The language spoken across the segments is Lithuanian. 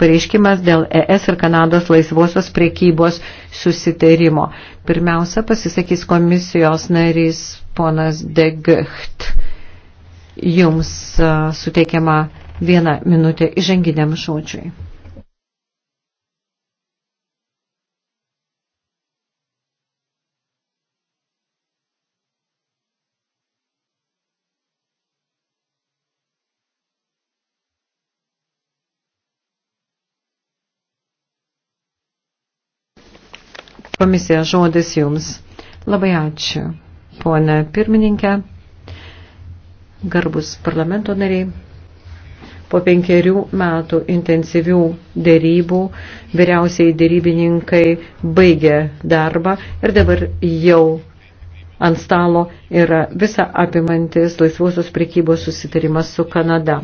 pareiškimas dėl ES ir Kanados laisvosios priekybos susitarimo. Pirmiausia, pasisakys komisijos narys ponas Degicht. Jums suteikiama viena minutė įžanginiam šaučiui. Komisija žodis jums. Labai ačiū, ponė pirmininkė, garbus parlamento nariai. Po penkerių metų intensyvių dėrybų vyriausiai dėrybininkai baigė darbą ir dabar jau ant stalo yra visa apimantis laisvosios prekybos susitarimas su Kanada.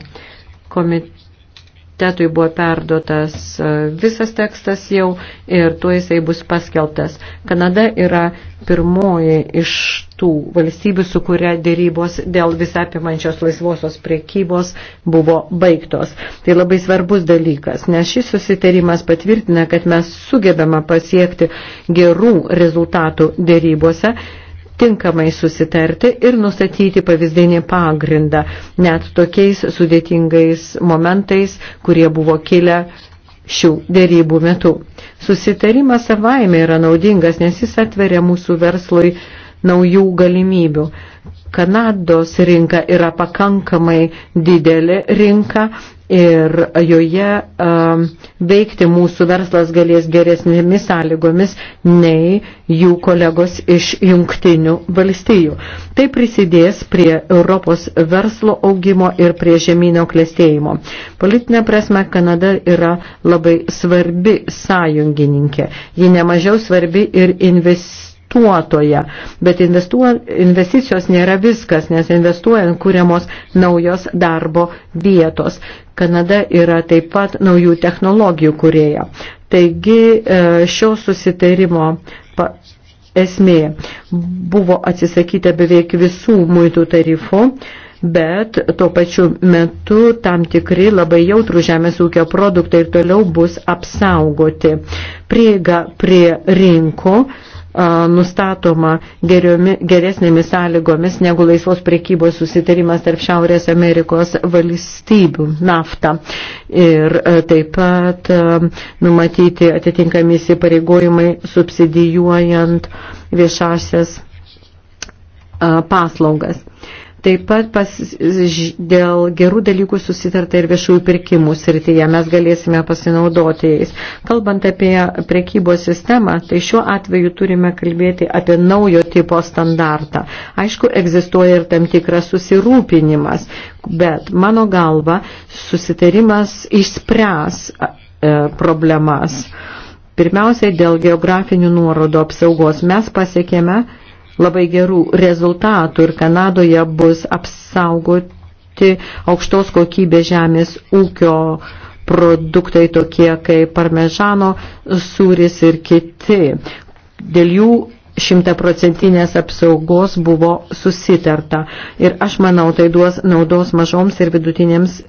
Komit Tetui buvo perduotas e, visas tekstas jau ir tuo jisai bus paskelbtas. Kanada yra pirmoji iš tų valstybių, su kuria dėrybos dėl visapimančios laisvosios priekybos buvo baigtos. Tai labai svarbus dalykas, nes šis susitarimas patvirtina, kad mes sugebame pasiekti gerų rezultatų dėrybose tinkamai susitarti ir nustatyti pavyzdinį pagrindą, net tokiais sudėtingais momentais, kurie buvo kilę šių dėrybų metu. Susitarimas savaime yra naudingas, nes jis atveria mūsų verslui naujų galimybių. Kanados rinka yra pakankamai didelė rinka ir joje um, veikti mūsų verslas galės geresnėmis sąlygomis nei jų kolegos iš jungtinių valstijų. Tai prisidės prie Europos verslo augimo ir prie žemynio klėstėjimo. Politinė prasme Kanada yra labai svarbi sąjungininkė. Ji nemažiau svarbi ir investicija investuotoją. Bet investuo, investicijos nėra viskas, nes investuojant kūriamos naujos darbo vietos. Kanada yra taip pat naujų technologijų kurėja. Taigi e, šio susitarimo esmė buvo atsisakyta beveik visų muitų tarifų, bet tuo pačiu metu tam tikri labai jautrų žemės ūkio produktai ir toliau bus apsaugoti. Prieiga prie rinko uh, nustatoma geriomi, geresnėmis sąlygomis negu laisvos prekybos susitarimas tarp Šiaurės Amerikos valstybių naftą. Ir taip pat numatyti atitinkami įsipareigojimai subsidijuojant viešasias paslaugas. Taip pat pas, dėl gerų dalykų susitarta ir viešųjų pirkimų srityje mes galėsime pasinaudoti jais. Kalbant apie prekybos sistemą, tai šiuo atveju turime kalbėti apie naujo tipo standartą. Aišku, egzistuoja ir tam tikras susirūpinimas, bet mano galva susitarimas išspręs e, problemas. Pirmiausiai dėl geografinių nuorodų apsaugos mes pasiekėme labai gerų rezultatų ir Kanadoje bus apsaugoti aukštos kokybės žemės ūkio produktai tokie kaip parmežano sūris ir kiti. Dėl jų šimtaprocentinės apsaugos buvo susitarta ir aš manau tai duos naudos mažoms ir vidutinėms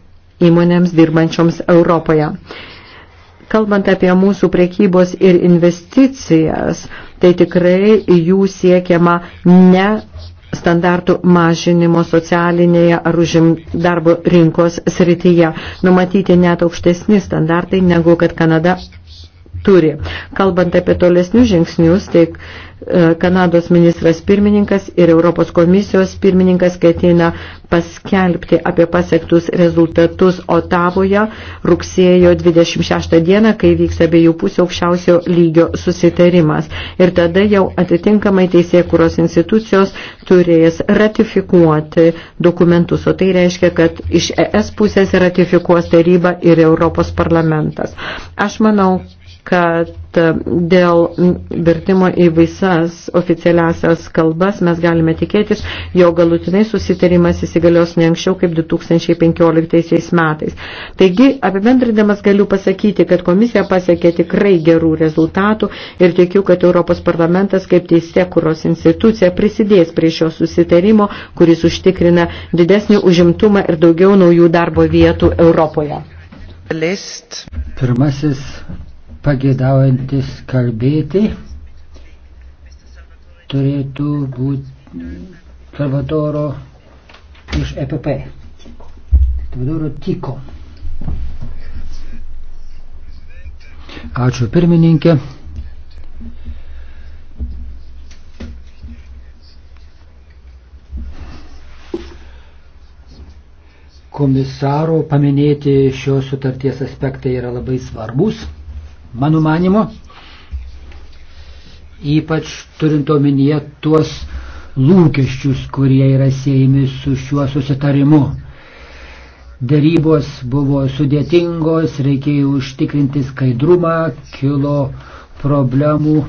įmonėms dirbančioms Europoje. Kalbant apie mūsų prekybos ir investicijas, tai tikrai jų siekiama ne standartų mažinimo socialinėje ar užim darbo rinkos srityje. Numatyti net aukštesni standartai negu kad Kanada turi. Kalbant apie tolesnius žingsnius, tai e, Kanados ministras pirmininkas ir Europos komisijos pirmininkas ketina paskelbti apie pasiektus rezultatus Otavoje rugsėjo 26 dieną, kai vyks abiejų pusių aukščiausio lygio susitarimas. Ir tada jau atitinkamai teisėkuros institucijos turės ratifikuoti dokumentus, o tai reiškia, kad iš ES pusės ratifikuos taryba ir Europos parlamentas. Aš manau, kad e, dėl vertimo į visas oficialiasias kalbas mes galime tikėtis, jo galutinai susitarimas įsigalios ne anksčiau kaip 2015 metais. Taigi, apibendrindamas galiu pasakyti, kad komisija pasiekė tikrai gerų rezultatų ir tikiu, kad Europos parlamentas kaip teisė, kuros institucija prisidės prie šio susitarimo, kuris užtikrina didesnį užimtumą ir daugiau naujų darbo vietų Europoje. List. Pirmasis pagėdaujantis kalbėti turėtų būti Salvatoro iš EPP. Salvatoro Tiko. Ačiū pirmininkė. Komisaro paminėti šios sutarties aspektai yra labai svarbus mano manimo. Ypač turint omenyje tuos lūkesčius, kurie yra siejami su šiuo susitarimu. Darybos buvo sudėtingos, reikėjo užtikrinti skaidrumą, kilo problemų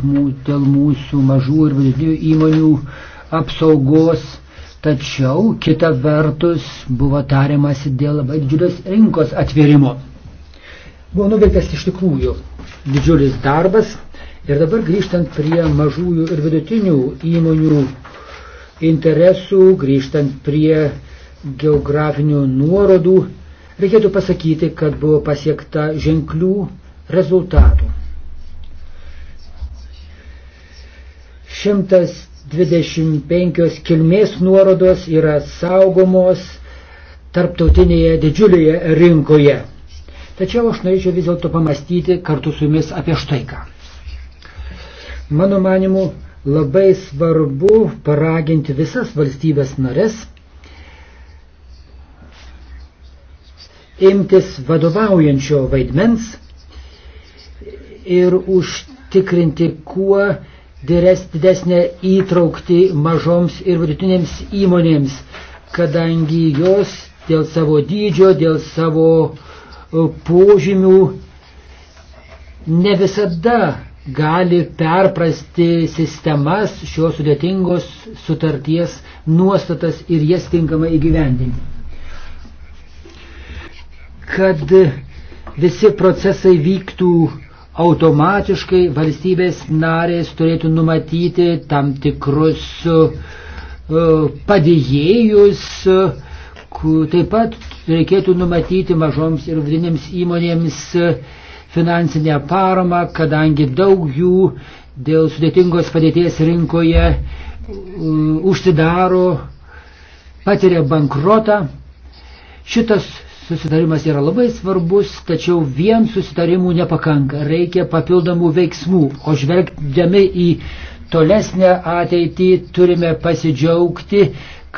dėl mūsų mažų ir vidutinių įmonių apsaugos, tačiau kita vertus buvo tariamasi dėl labai didžiulės rinkos atvėrimo. Buvo nuveiktas iš tikrųjų didžiulis darbas. Ir dabar grįžtant prie mažųjų ir vidutinių įmonių interesų, grįžtant prie geografinių nuorodų, reikėtų pasakyti, kad buvo pasiekta ženklių rezultatų. 125 kilmės nuorodos yra saugomos tarptautinėje didžiulėje rinkoje. Tačiau aš norėčiau vis dėlto pamastyti kartu su jumis apie štai ką. Mano manimu, labai svarbu paraginti visas valstybės nares imtis vadovaujančio vaidmens ir užtikrinti kuo didesnę įtraukti mažoms ir vidutinėms įmonėms, kadangi jos dėl savo dydžio, dėl savo E, požymių ne visada gali perprasti sistemas šios sudėtingos sutarties nuostatas ir jas tinkamai įgyvendinti. Kad visi procesai vyktų automatiškai, valstybės narės turėtų numatyti tam tikrus e, padėjėjus, uh, Taip pat reikėtų numatyti mažoms ir vidinėms įmonėms e, finansinę paramą, kadangi daug jų dėl sudėtingos padėties rinkoje užsidaro, patiria bankrotą. Šitas susitarimas yra labai svarbus, tačiau vien susitarimų nepakanka, reikia papildomų veiksmų, o žvelgdami į tolesnę ateitį turime pasidžiaugti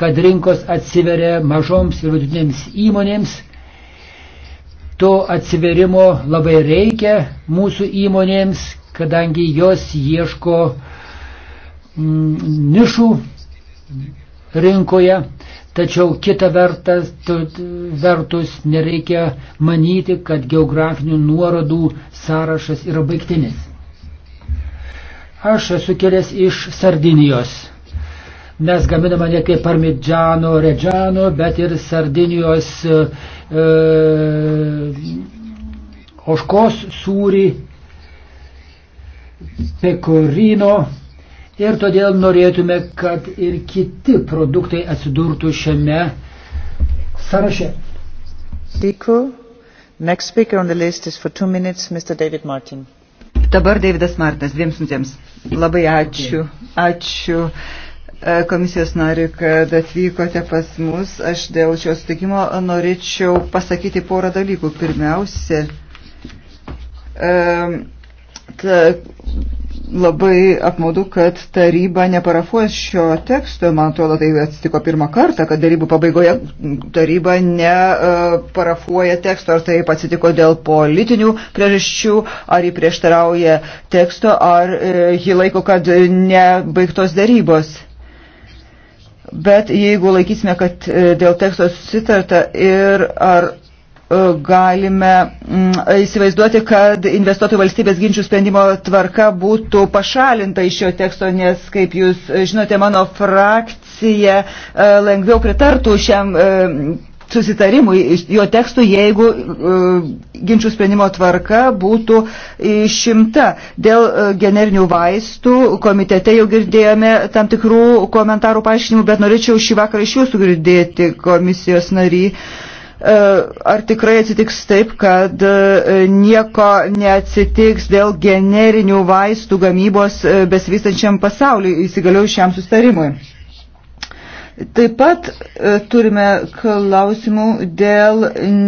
kad rinkos atsiveria mažoms ir vidutinėms įmonėms. To atsiverimo labai reikia mūsų įmonėms, kadangi jos ieško mm, nišų rinkoje, tačiau kita vertas, vertus nereikia manyti, kad geografinių nuorodų sąrašas yra baigtinis. Aš esu kilęs iš Sardinijos mes gaminame ne kaip parmidžano, redžano, bet ir sardinijos e, e oškos sūrį, pekorino ir todėl norėtume, kad ir kiti produktai atsidurtų šiame sąraše. Dėkui. Next speaker on the list is for two minutes, Mr. David Martin. Dabar Davidas Martas, dviems minutėms. Labai ačiū. Ačiū. E, komisijos nari, kad atvykote pas mus. Aš dėl šio sutikimo norėčiau pasakyti porą dalykų. Pirmiausia, e, ta, labai apmaudu, kad taryba neparafuos šio teksto. Man atrodo, tai atsitiko pirmą kartą, kad darybų pabaigoje taryba neparafuoja e, teksto. Ar taip atsitiko dėl politinių priežasčių, ar jį prieštarauja teksto, ar jį laiko, kad nebaigtos darybos. Bet jeigu laikysime, kad e, dėl teksto susitarta ir ar e, galime mm, įsivaizduoti, kad investuotojų valstybės ginčių sprendimo tvarka būtų pašalinta iš šio teksto, nes, kaip jūs žinote, mano frakcija e, lengviau pritartų šiam susitarimui, jo tekstui, jeigu e, ginčių sprendimo tvarka būtų išimta. Dėl e, generinių vaistų komitete jau girdėjome tam tikrų komentarų paaiškinimų, bet norėčiau šį vakarą iš jūsų girdėti komisijos narį e, ar tikrai atsitiks taip, kad nieko neatsitiks dėl generinių vaistų gamybos besivystančiam pasauliu įsigaliau šiam sustarimui. Taip pat e, turime klausimų dėl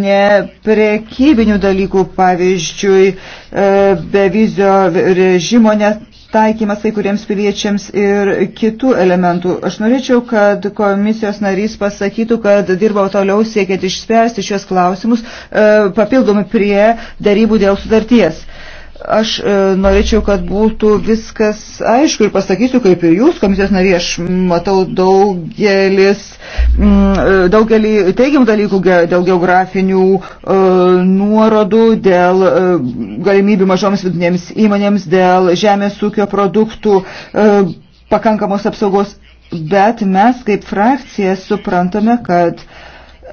neprekybinių dalykų, pavyzdžiui, e, bevizio režimo netaikymas kai kuriems piliečiams ir kitų elementų. Aš norėčiau, kad komisijos narys pasakytų, kad dirbau toliau siekiant išspręsti šios klausimus e, papildomai prie darybų dėl sutarties. Aš e, norėčiau, kad būtų viskas aišku ir pasakysiu, kaip ir jūs, komisijos nariai, aš matau daugelis, m, mm, e, daugelį teigiamų dalykų dėl geografinių e, nuorodų, dėl e, galimybių mažoms vidinėms įmonėms, dėl žemės ūkio produktų e, pakankamos apsaugos, bet mes kaip frakcija suprantame, kad e,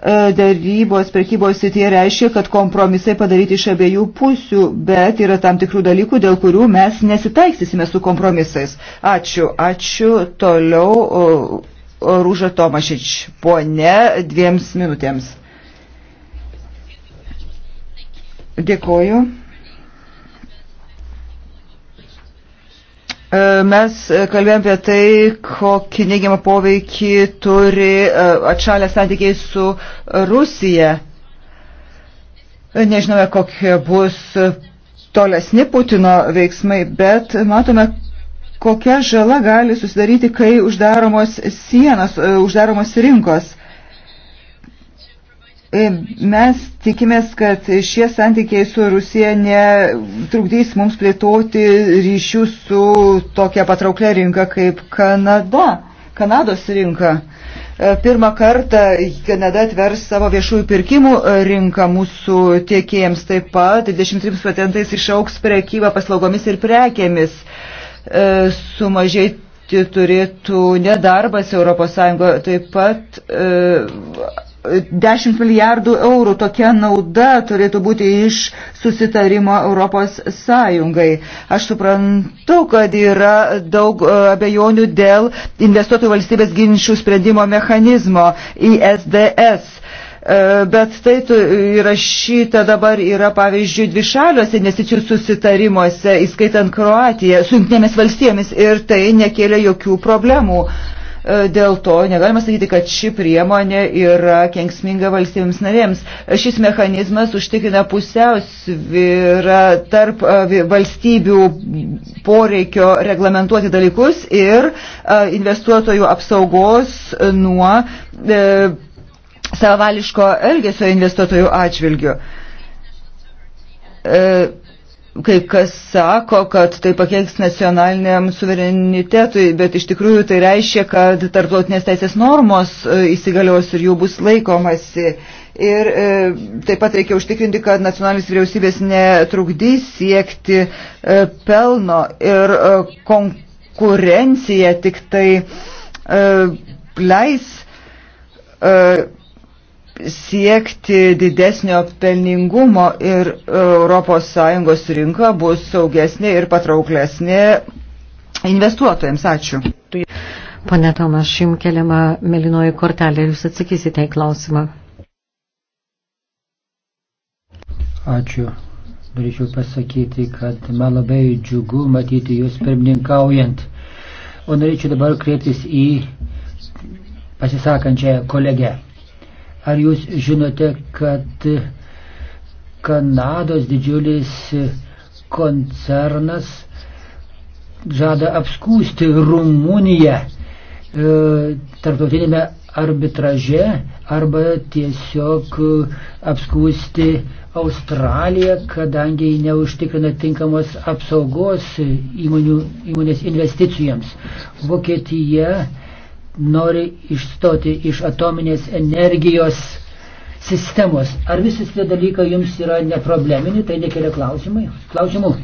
E, darybos prekybos sityje reiškia, kad kompromisai padaryti iš abiejų pusių, bet yra tam tikrų dalykų, dėl kurių mes nesitaiksysime su kompromisais. Ačiū, ačiū. Toliau Rūža Tomašič, ponė, dviems minutėms. Dėkoju. E, mes e, kalbėjome apie tai, kokį neigiamą poveikį turi e, atšalę santykiai su Rusija. Nežinome, kokie bus tolesni Putino veiksmai, bet matome, kokia žala gali susidaryti, kai uždaromos sienos, uždaromos rinkos. Mes tikimės, kad šie santykiai su Rusija netrukdys mums plėtoti ryšių su tokia patrauklia rinka kaip Kanada, Kanados rinka. E, pirmą kartą Kanada atvers savo viešųjų pirkimų e, rinką mūsų tiekėjams taip pat 23 patentais išauks prekybą paslaugomis ir prekėmis. E, sumažėti turėtų nedarbas ES taip pat 10 milijardų eurų tokia nauda turėtų būti iš susitarimo Europos Sąjungai. Aš suprantu, kad yra daug e, abejonių dėl investuotojų valstybės ginčių sprendimo mechanizmo ISDS. E, bet tai įrašyta dabar yra, pavyzdžiui, dvišaliuose investicijų susitarimuose, įskaitant Kroatiją, su jungtinėmis valstybėmis ir tai nekėlė jokių problemų. Uh, E, dėl to negalima sakyti, kad ši priemonė yra kenksminga valstybėms narėms. Šis mechanizmas užtikrina pusiausvyrą tarp e, valstybių poreikio reglamentuoti dalykus ir e, investuotojų apsaugos nuo savališko elgesio investuotojų atžvilgių kai kas sako, kad tai pakeiks nacionaliniam suverenitetui, bet iš tikrųjų tai reiškia, kad tarptautinės teisės normos e, įsigalios ir jų bus laikomasi. Ir e, taip pat reikia užtikrinti, kad nacionalinis vyriausybės netrukdys siekti e, pelno ir e, konkurencija tik tai e, leis e, siekti didesnio pelningumo ir ES rinka bus saugesnė ir patrauklesnė investuotojams. Ačiū. Pane Tomas, jums keliama melinoji kortelė ir jūs atsakysite į klausimą. Ačiū. Norėčiau pasakyti, kad man labai džiugu matyti jūs pirmininkaujant. O norėčiau dabar kreiptis į pasisakančią kolegę. Ar jūs žinote, kad Kanados didžiulis koncernas žada apskūsti Rumuniją e, tarptautinėme arbitraže arba tiesiog apskūsti Australiją, kadangi neužtikrina tinkamos apsaugos įmonių, įmonės investicijoms. Vokietija nori išstoti iš atominės energijos sistemos. Ar visi tie dalykai jums yra neproblemini, tai nekelia klausimai? klausimų?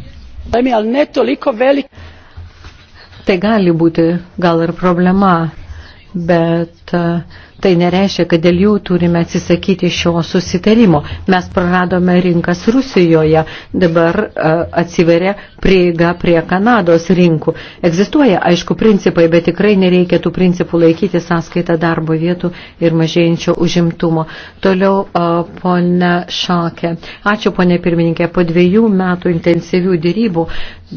Tai gali būti gal ir problema, bet uh, Tai nereiškia, kad dėl jų turime atsisakyti šio susitarimo. Mes praradome rinkas Rusijoje, dabar e, atsiveria prieiga prie Kanados rinkų. Egzistuoja, aišku, principai, bet tikrai nereikia tų principų laikyti sąskaitą darbo vietų ir mažėjančio užimtumo. Toliau, e, ponia Šakė. Ačiū, ponia pirmininkė. Po dviejų metų intensyvių dėrybų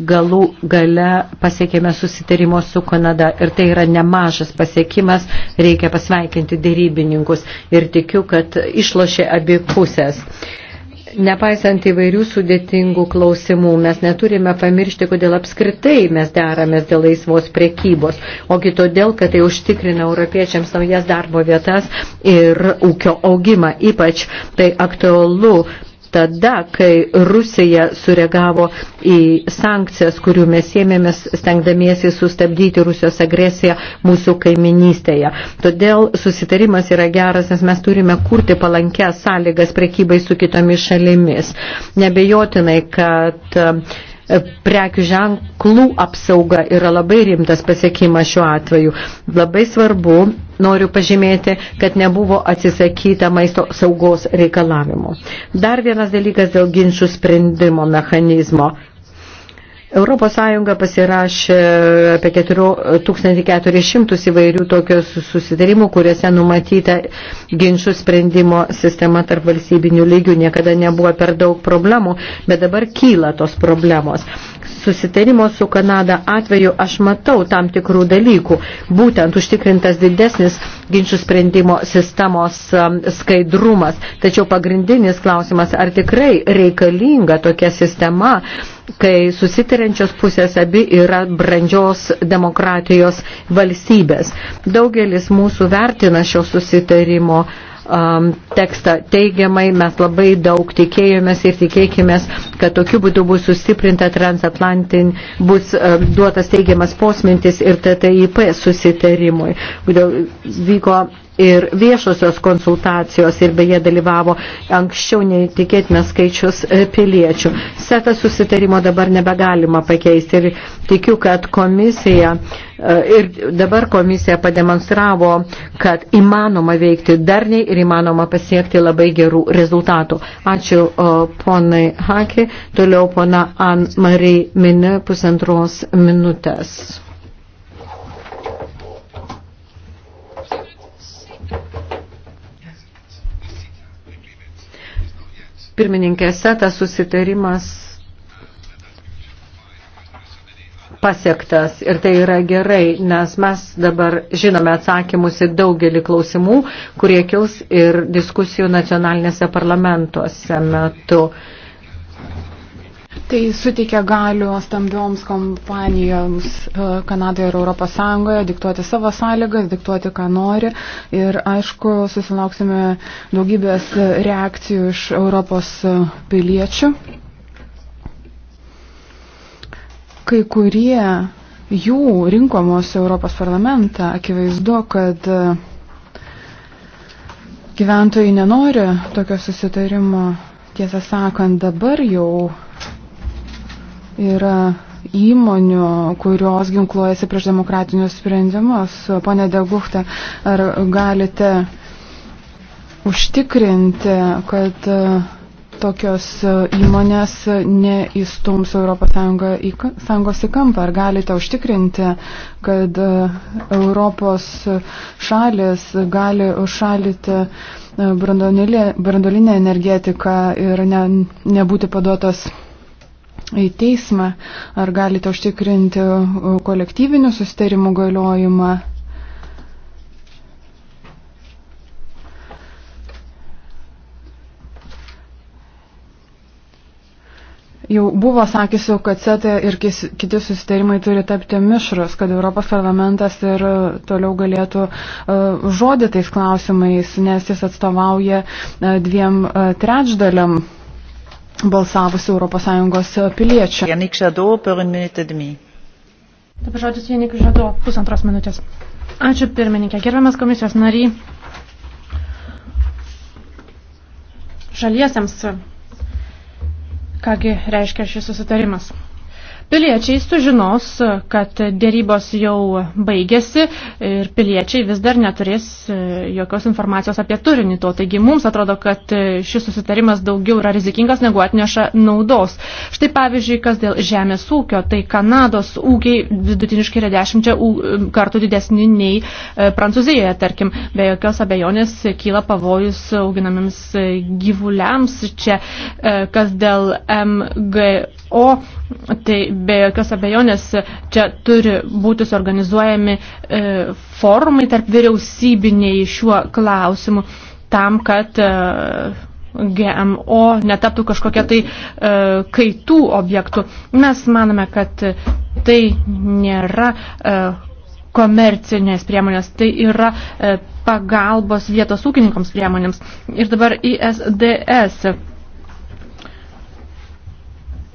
galų gale pasiekėme susitarimo su Kanada ir tai yra nemažas pasiekimas, reikia pasveikinti įtikinti dėrybininkus ir tikiu, kad išlošė abi pusės. Nepaisant įvairių sudėtingų klausimų, mes neturime pamiršti, kodėl apskritai mes deramės dėl laisvos prekybos, ogi todėl, kad tai užtikrina europiečiams naujas darbo vietas ir ūkio augimą. Ypač tai aktualu tada, kai Rusija sureagavo į sankcijas, kurių mes ėmėmės stengdamiesi sustabdyti Rusijos agresiją mūsų kaiminystėje. Todėl susitarimas yra geras, nes mes turime kurti palankę sąlygas prekybai su kitomis šalimis. Nebejotinai, kad E, prekių ženklų apsauga yra labai rimtas pasiekimas šiuo atveju. Labai svarbu, noriu pažymėti, kad nebuvo atsisakyta maisto saugos reikalavimų. Dar vienas dalykas dėl ginčių sprendimo mechanizmo. Europos Sąjunga pasirašė apie 1400 įvairių tokios susitarimų, kuriuose numatyta ginčių sprendimo sistema tarp valstybinių lygių. Niekada nebuvo per daug problemų, bet dabar kyla tos problemos susitarimo su Kanada atveju aš matau tam tikrų dalykų. Būtent užtikrintas didesnis ginčių sprendimo sistemos um, skaidrumas. Tačiau pagrindinis klausimas, ar tikrai reikalinga tokia sistema, kai susitariančios pusės abi yra brandžios demokratijos valstybės. Daugelis mūsų vertina šio susitarimo uh, um, tekstą teigiamai, mes labai daug tikėjomės ir tikėkimės, kad tokiu būdu bus sustiprinta transatlantin, bus um, duotas teigiamas posmintis ir TTIP susitarimui. Vyko ir viešosios konsultacijos ir beje dalyvavo anksčiau neįtikėtinas skaičius e, piliečių. Seta susitarimo dabar nebegalima pakeisti ir tikiu, kad komisija e, ir dabar komisija pademonstravo, kad įmanoma veikti darniai ir įmanoma pasiekti labai gerų rezultatų. Ačiū ponai Haki, toliau pona Ann Marie Mine pusantros minutės. pirmininkė Seta susitarimas pasiektas ir tai yra gerai, nes mes dabar žinome atsakymus į daugelį klausimų, kurie kils ir diskusijų nacionalinėse parlamentuose metu. Tai suteikia galių stambioms kompanijoms e, Kanadoje ir Europos Sąjungoje diktuoti savo sąlygas, diktuoti, ką nori. Ir aišku, susilauksime daugybės reakcijų iš Europos piliečių. Kai kurie jų rinkomos Europos parlamentą, akivaizdu, kad e, gyventojai nenori tokio susitarimo. Tiesą sakant, dabar jau yra įmonių, kurios ginkluojasi prieš demokratinius sprendimus. Pone Degukta, ar galite užtikrinti, kad e, tokios e, įmonės neįstums ES į kampą? Ar galite užtikrinti, kad e, Europos šalis gali užšalyti brandolinę energetiką ir ne, nebūti paduotas į teismą. Ar galite užtikrinti uh, kolektyvinių susitarimų galiojimą? Jau buvo sakysiu, kad CETA ir kiti susitarimai turi tapti mišrus, kad Europos parlamentas ir uh, toliau galėtų uh, žodį tais klausimais, nes jis atstovauja dviem trečdaliam balsavusių ES piliečių. Janik Žadau, per minutę dmi. Dabar žodis Janik Žadau, pusantros minutės. Ačiū pirmininkė. Gerbiamas komisijos nariai. Žaliesiems, kągi reiškia šis susitarimas. Piliečiai sužinos, kad dėrybos jau baigėsi ir piliečiai vis dar neturės e, jokios informacijos apie turinį to. Taigi mums atrodo, kad e, šis susitarimas daugiau yra rizikingas negu atneša naudos. Štai pavyzdžiui, kas dėl žemės ūkio, tai Kanados ūkiai vidutiniškai yra dešimčia e, kartų didesni nei Prancūzijoje, tarkim. Be jokios abejonės kyla pavojus auginamiems gyvuliams čia, kas dėl MG O tai be jokios abejonės čia turi būti suorganizuojami e, forumai tarp vyriausybiniai šiuo klausimu tam, kad e, GMO netaptų kažkokia tai e, kaitų objektų. Mes manome, kad tai nėra e, komercinės priemonės, tai yra e, pagalbos vietos ūkininkams priemonėms. Ir dabar ISDS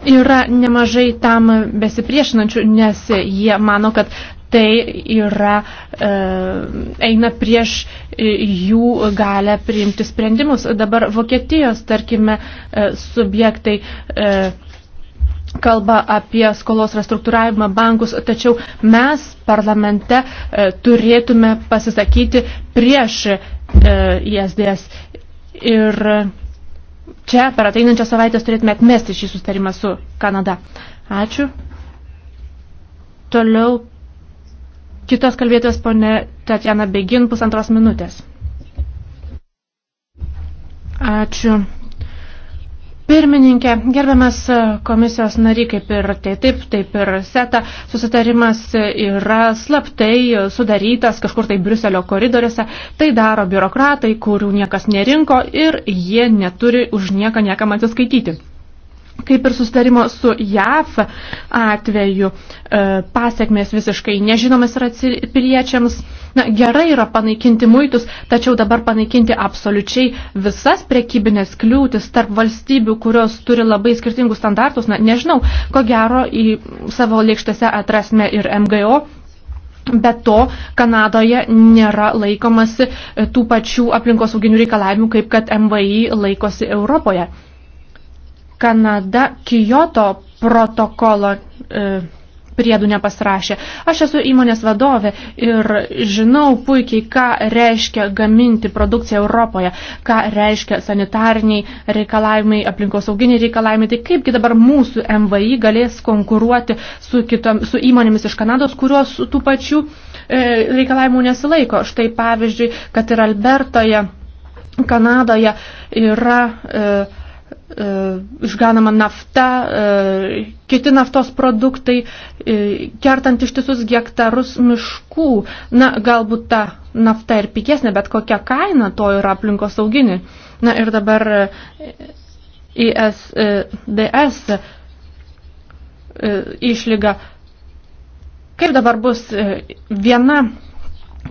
Yra nemažai tam besipriešinančių, nes jie mano, kad tai yra, e, eina prieš jų galę priimti sprendimus. Dabar Vokietijos, tarkime, e, subjektai e, kalba apie skolos restruktūravimą bankus, tačiau mes parlamente e, turėtume pasisakyti prieš e, ISDS. Ir e, čia per ateinančią savaitę turėtume atmesti šį sustarimą su Kanada. Ačiū. Toliau kitas kalbėtojas ponė Tatjana Begin pusantros minutės. Ačiū, Pirmininkė, gerbiamas komisijos nary, kaip ir tai taip, taip ir seta, susitarimas yra slaptai sudarytas kažkur tai Briuselio koridoriuose, tai daro biurokratai, kurių niekas nerinko ir jie neturi už nieką niekam atsiskaityti kaip ir sustarimo su JAF atveju, e, pasiekmės visiškai nežinomas yra piliečiams. Na, gerai yra panaikinti muitus, tačiau dabar panaikinti absoliučiai visas prekybinės kliūtis tarp valstybių, kurios turi labai skirtingus standartus, na, nežinau, ko gero į savo lėkštėse atrasime ir MGO Be to, Kanadoje nėra laikomasi e, tų pačių aplinkosauginių reikalavimų, kaip kad MVI laikosi Europoje. Kanada Kyoto protokolo e, priedų nepasirašė. Aš esu įmonės vadovė ir žinau puikiai, ką reiškia gaminti produkciją Europoje, ką reiškia sanitariniai reikalavimai, aplinkosauginiai reikalavimai. Tai kaipgi dabar mūsų MVI galės konkuruoti su, kitom, su įmonėmis iš Kanados, kurios tų pačių e, reikalavimų nesilaiko. Štai pavyzdžiui, kad ir Albertoje, Kanadoje yra. E, E, išganama nafta, e, kiti naftos produktai, e, kertant ištisus gektarus miškų. Na, galbūt ta nafta ir pikesnė, bet kokia kaina to yra aplinkos sauginė. Na ir dabar ISDS išlyga. Kaip dabar bus viena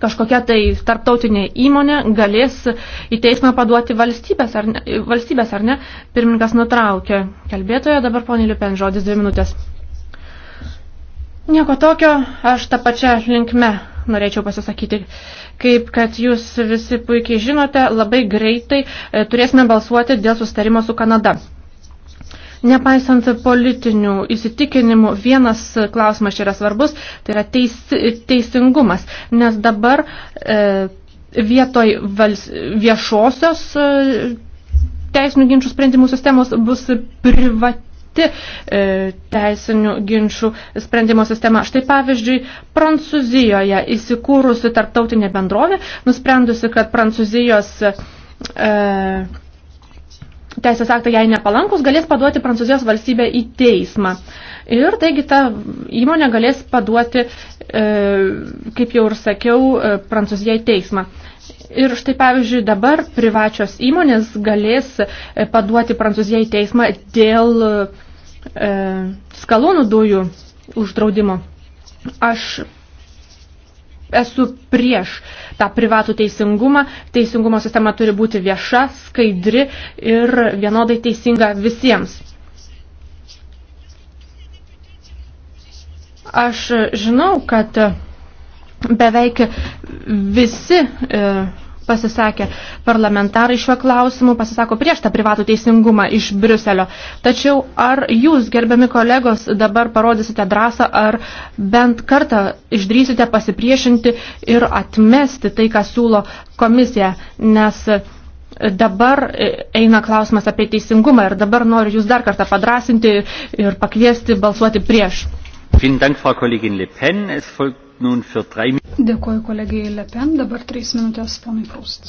kažkokia tai tarptautinė įmonė galės į teismą paduoti valstybės ar ne, valstybės, ar ne? pirmininkas nutraukė kalbėtoje, dabar ponė Liupen, žodis dvi minutės. Nieko tokio, aš tą pačią linkme norėčiau pasisakyti. Kaip kad jūs visi puikiai žinote, labai greitai e, turėsime balsuoti dėl sustarimo su Kanada. Nepaisant politinių įsitikinimų, vienas klausimas čia yra svarbus, tai yra teis, teisingumas, nes dabar e, vietoj vals, viešosios e, teisinių ginčių sprendimų sistemos bus privati e, teisinių ginčių sprendimo sistema. Štai pavyzdžiui, Prancūzijoje įsikūrusi tarptautinė bendrovė, nusprendusi, kad Prancūzijos e, teisės aktai jai nepalankus, galės paduoti Prancūzijos valstybę į teismą. Ir taigi ta įmonė galės paduoti, e, kaip jau ir sakiau, e, Prancūzijai teismą. Ir štai pavyzdžiui dabar privačios įmonės galės e, paduoti Prancūzijai teismą dėl e, skalonų dujų uždraudimo. Aš esu prieš tą privatų teisingumą. Teisingumo sistema turi būti vieša, skaidri ir vienodai teisinga visiems. Aš žinau, kad beveik visi e, pasisakė parlamentarai šiuo klausimu, pasisako prieš tą privatų teisingumą iš Briuselio. Tačiau ar jūs, gerbiami kolegos, dabar parodysite drąsą, ar bent kartą išdrysite pasipriešinti ir atmesti tai, ką siūlo komisija, nes dabar eina klausimas apie teisingumą ir dabar noriu jūs dar kartą padrasinti ir pakviesti balsuoti prieš. Vielen Dank, Frau Kollegin Le Pen. Es folgt Dėkuoju kolegijai Lepen, dabar trys minutės ponui Prūst.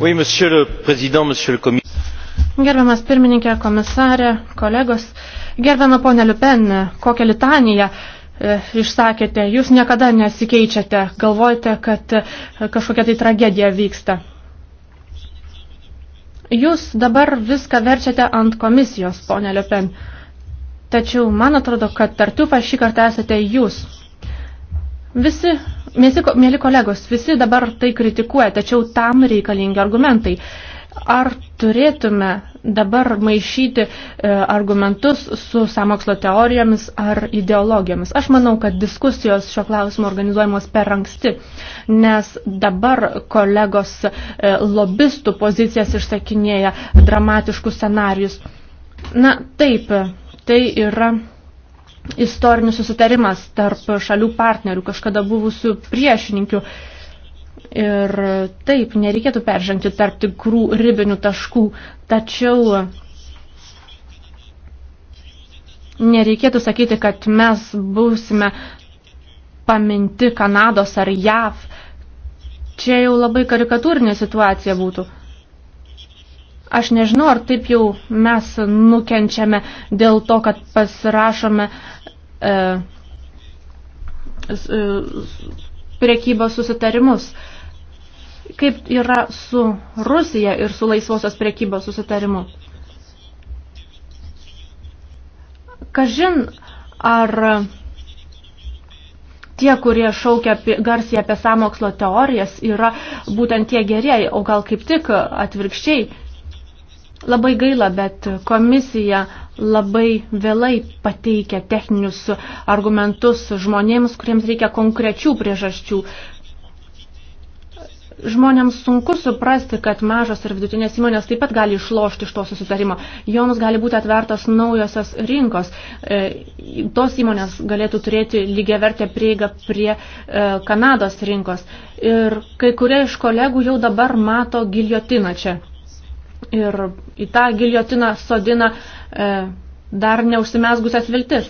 Oui, monsieur le président, monsieur le commissaire. Gerbiamas pirmininkė, komisarė, kolegos, gerbiama ponė Liupen, kokią litaniją e, išsakėte, jūs niekada nesikeičiate, galvojate, kad e, kažkokia tai tragedija vyksta. Jūs dabar viską verčiate ant komisijos, ponė Liupen. E, Tačiau man atrodo, kad tartiufas šį kartą esate jūs. Visi, mėsi, mėly kolegos, visi dabar tai kritikuoja, tačiau tam reikalingi argumentai. Ar turėtume dabar maišyti e, argumentus su samokslo teorijomis ar ideologijomis? Aš manau, kad diskusijos šio klausimo organizuojamos per anksti, nes dabar kolegos e, lobistų pozicijas išsakinėja dramatiškus scenarius. Na, taip. E, tai yra istorinis susitarimas tarp šalių partnerių, kažkada buvusių priešininkių. Ir taip, nereikėtų peržengti tarp tikrų ribinių taškų, tačiau nereikėtų sakyti, kad mes būsime paminti Kanados ar JAV. Čia jau labai karikatūrinė situacija būtų. Aš nežinau, ar taip jau mes nukenčiame dėl to, kad pasirašome e, e, priekybos susitarimus. Kaip yra su Rusija ir su laisvosios priekybos susitarimu? Kažin, ar tie, kurie šaukia garsiai apie samokslo teorijas, yra būtent tie gerieji, o gal kaip tik atvirkščiai. Labai gaila, bet komisija labai vėlai pateikia techninius argumentus žmonėms, kuriems reikia konkrečių priežasčių. Žmonėms sunku suprasti, kad mažos ir vidutinės įmonės taip pat gali išlošti iš to susitarimo. Joms gali būti atvertos naujosios rinkos. E, tos įmonės galėtų turėti lygiavertę prieigą prie e, Kanados rinkos. Ir kai kurie iš kolegų jau dabar mato giljotiną čia ir į tą giliotiną sodina e, dar neužsimesgusias viltis.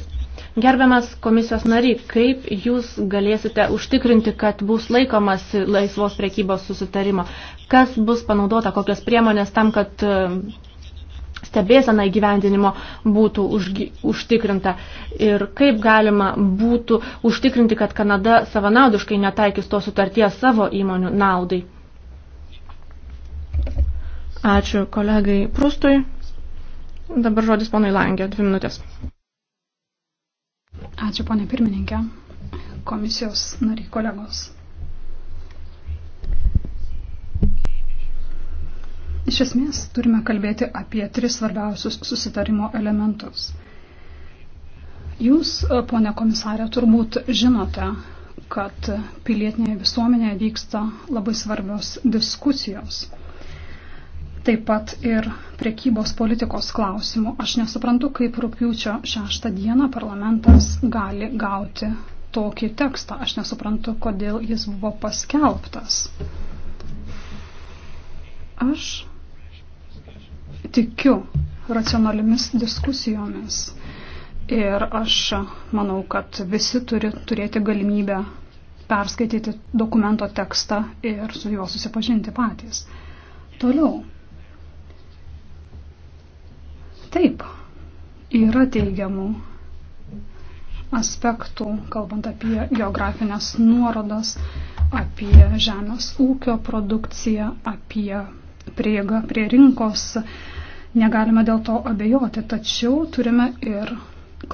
Gerbiamas komisijos nary, kaip jūs galėsite užtikrinti, kad bus laikomas laisvos priekybos susitarimo? Kas bus panaudota, kokios priemonės tam, kad e, stebėsena įgyvendinimo būtų užgi, užtikrinta ir kaip galima būtų užtikrinti, kad Kanada savanaudiškai netaikys to sutarties savo įmonių naudai? Ačiū kolegai Prustui. Dabar žodis ponai Langė, dvi minutės. Ačiū ponė pirmininkė, komisijos nariai kolegos. Iš esmės turime kalbėti apie tris svarbiausius susitarimo elementus. Jūs, ponė komisarė, turbūt žinote, kad pilietinėje visuomenėje vyksta labai svarbios diskusijos taip pat ir priekybos politikos klausimų. Aš nesuprantu, kaip rūpiučio šeštą dieną parlamentas gali gauti tokį tekstą. Aš nesuprantu, kodėl jis buvo paskelbtas. Aš tikiu racionaliomis diskusijomis ir aš manau, kad visi turi turėti galimybę perskaityti dokumento tekstą ir su juo susipažinti patys. Toliau Taip, yra teigiamų aspektų, kalbant apie geografinės nuorodas, apie žemės ūkio produkciją, apie prieigą prie rinkos. Negalime dėl to abejoti, tačiau turime ir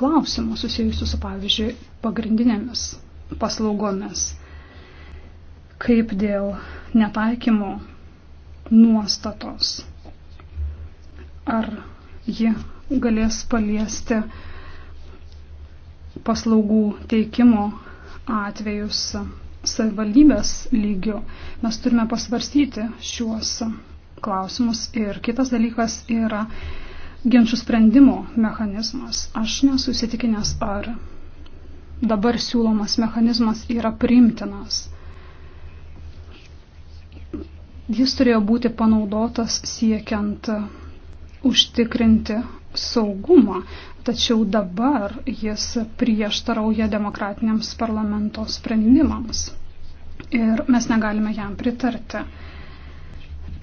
klausimų susijusių su, pavyzdžiui, pagrindinėmis paslaugomis, kaip dėl netaikymo nuostatos. Ar ji galės paliesti paslaugų teikimo atvejus savivaldybės lygiu. Mes turime pasvarstyti šiuos klausimus ir kitas dalykas yra ginčių sprendimo mechanizmas. Aš nesusitikinęs, ar dabar siūlomas mechanizmas yra priimtinas. Jis turėjo būti panaudotas siekiant užtikrinti saugumą, tačiau dabar jis prieštarauja demokratiniams parlamento sprendimams ir mes negalime jam pritarti.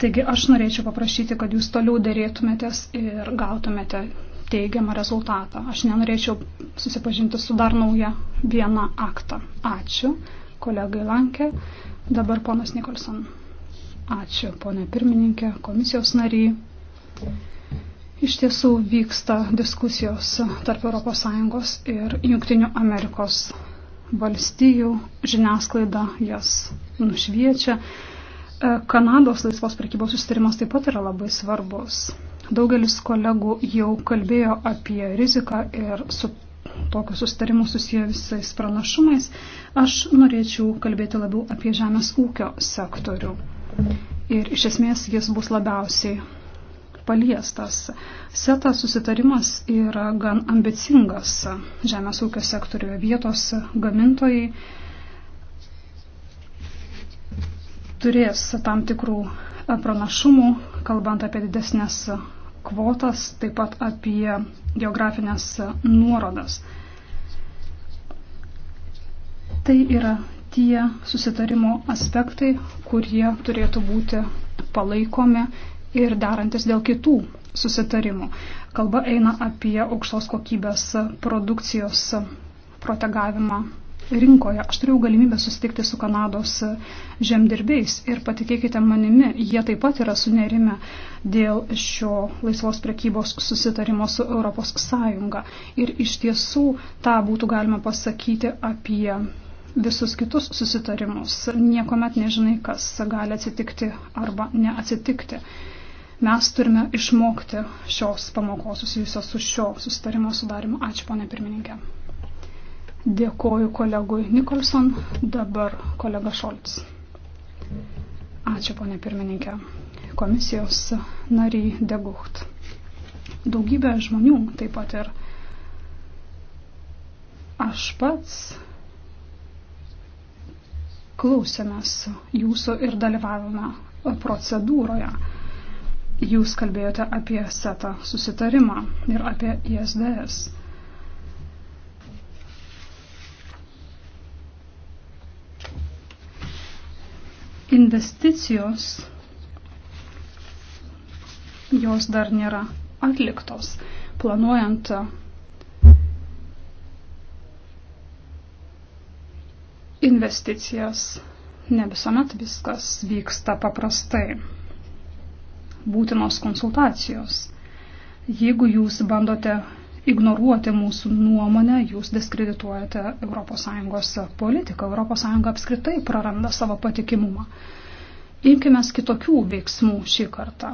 Taigi aš norėčiau paprašyti, kad jūs toliau dėrėtumėtės ir gautumėte teigiamą rezultatą. Aš nenorėčiau susipažinti su dar nauja viena aktą. Ačiū, kolegai Lankė. Dabar ponas Nikolson. Ačiū, ponė pirmininkė, komisijos nariai. Iš tiesų vyksta diskusijos tarp ES ir Junktinių Amerikos valstijų. Žiniasklaida jas nušviečia. E, Kanados laisvos prekybos sustarimas taip pat yra labai svarbus. Daugelis kolegų jau kalbėjo apie riziką ir su tokiu sustarimu susiję visais pranašumais. Aš norėčiau kalbėti labiau apie žemės ūkio sektorių. Ir iš esmės jis bus labiausiai paliestas. SETA susitarimas yra gan ambicingas žemės ūkio sektoriuje. Vietos gamintojai turės tam tikrų pranašumų, kalbant apie didesnės kvotas, taip pat apie geografinės nuorodas. Tai yra tie susitarimo aspektai, kurie turėtų būti palaikomi ir darantis dėl kitų susitarimų. Kalba eina apie aukštos kokybės produkcijos protegavimą rinkoje. Aš turėjau galimybę susitikti su Kanados žemdirbiais ir patikėkite manimi, jie taip pat yra sunerime dėl šio laisvos prekybos susitarimo su ES. Ir iš tiesų tą būtų galima pasakyti apie visus kitus susitarimus. Niekuomet nežinai, kas gali atsitikti arba neatsitikti. Mes turime išmokti šios pamokos susijusios su šio susitarimo sudarimu. Ačiū, ponė pirmininkė. Dėkoju kolegui Nikolson, dabar kolega Šolts. Ačiū, ponė pirmininkė. Komisijos nariai Degucht. Daugybė žmonių, taip pat ir aš pats klausėmės jūsų ir dalyvavome procedūroje. Jūs kalbėjote apie setą susitarimą ir apie ISDS. Investicijos jos dar nėra atliktos. Planuojant investicijas, ne visuomet viskas vyksta paprastai būtinos konsultacijos. Jeigu jūs bandote ignoruoti mūsų nuomonę, jūs diskredituojate ES politiką. ES apskritai praranda savo patikimumą. Imkime kitokių veiksmų šį kartą.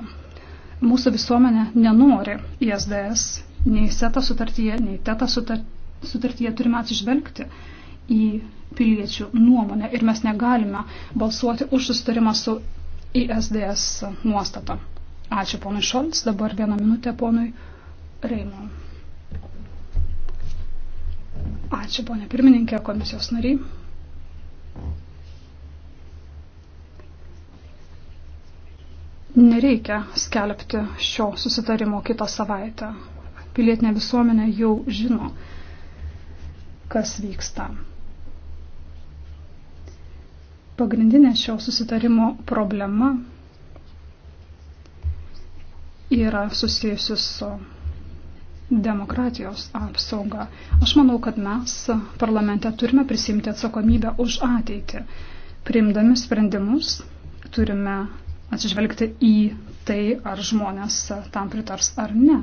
Mūsų visuomenė nenori ISDS, nei SETA sutartyje, nei TETA sutartyje turime atsižvelgti į piliečių nuomonę ir mes negalime balsuoti už sustarimą su ISDS nuostatą. Ačiū ponui Šolts, dabar vieną minutę ponui Reimon. Ačiū ponė pirmininkė, komisijos nariai. Nereikia skelbti šio susitarimo kitą savaitę. Pilietinė visuomenė jau žino, kas vyksta. Pagrindinė šio susitarimo problema yra susijusi su demokratijos apsauga. Aš manau, kad mes parlamente turime prisimti atsakomybę už ateitį. Priimdami sprendimus turime atsižvelgti į tai, ar žmonės tam pritars ar ne.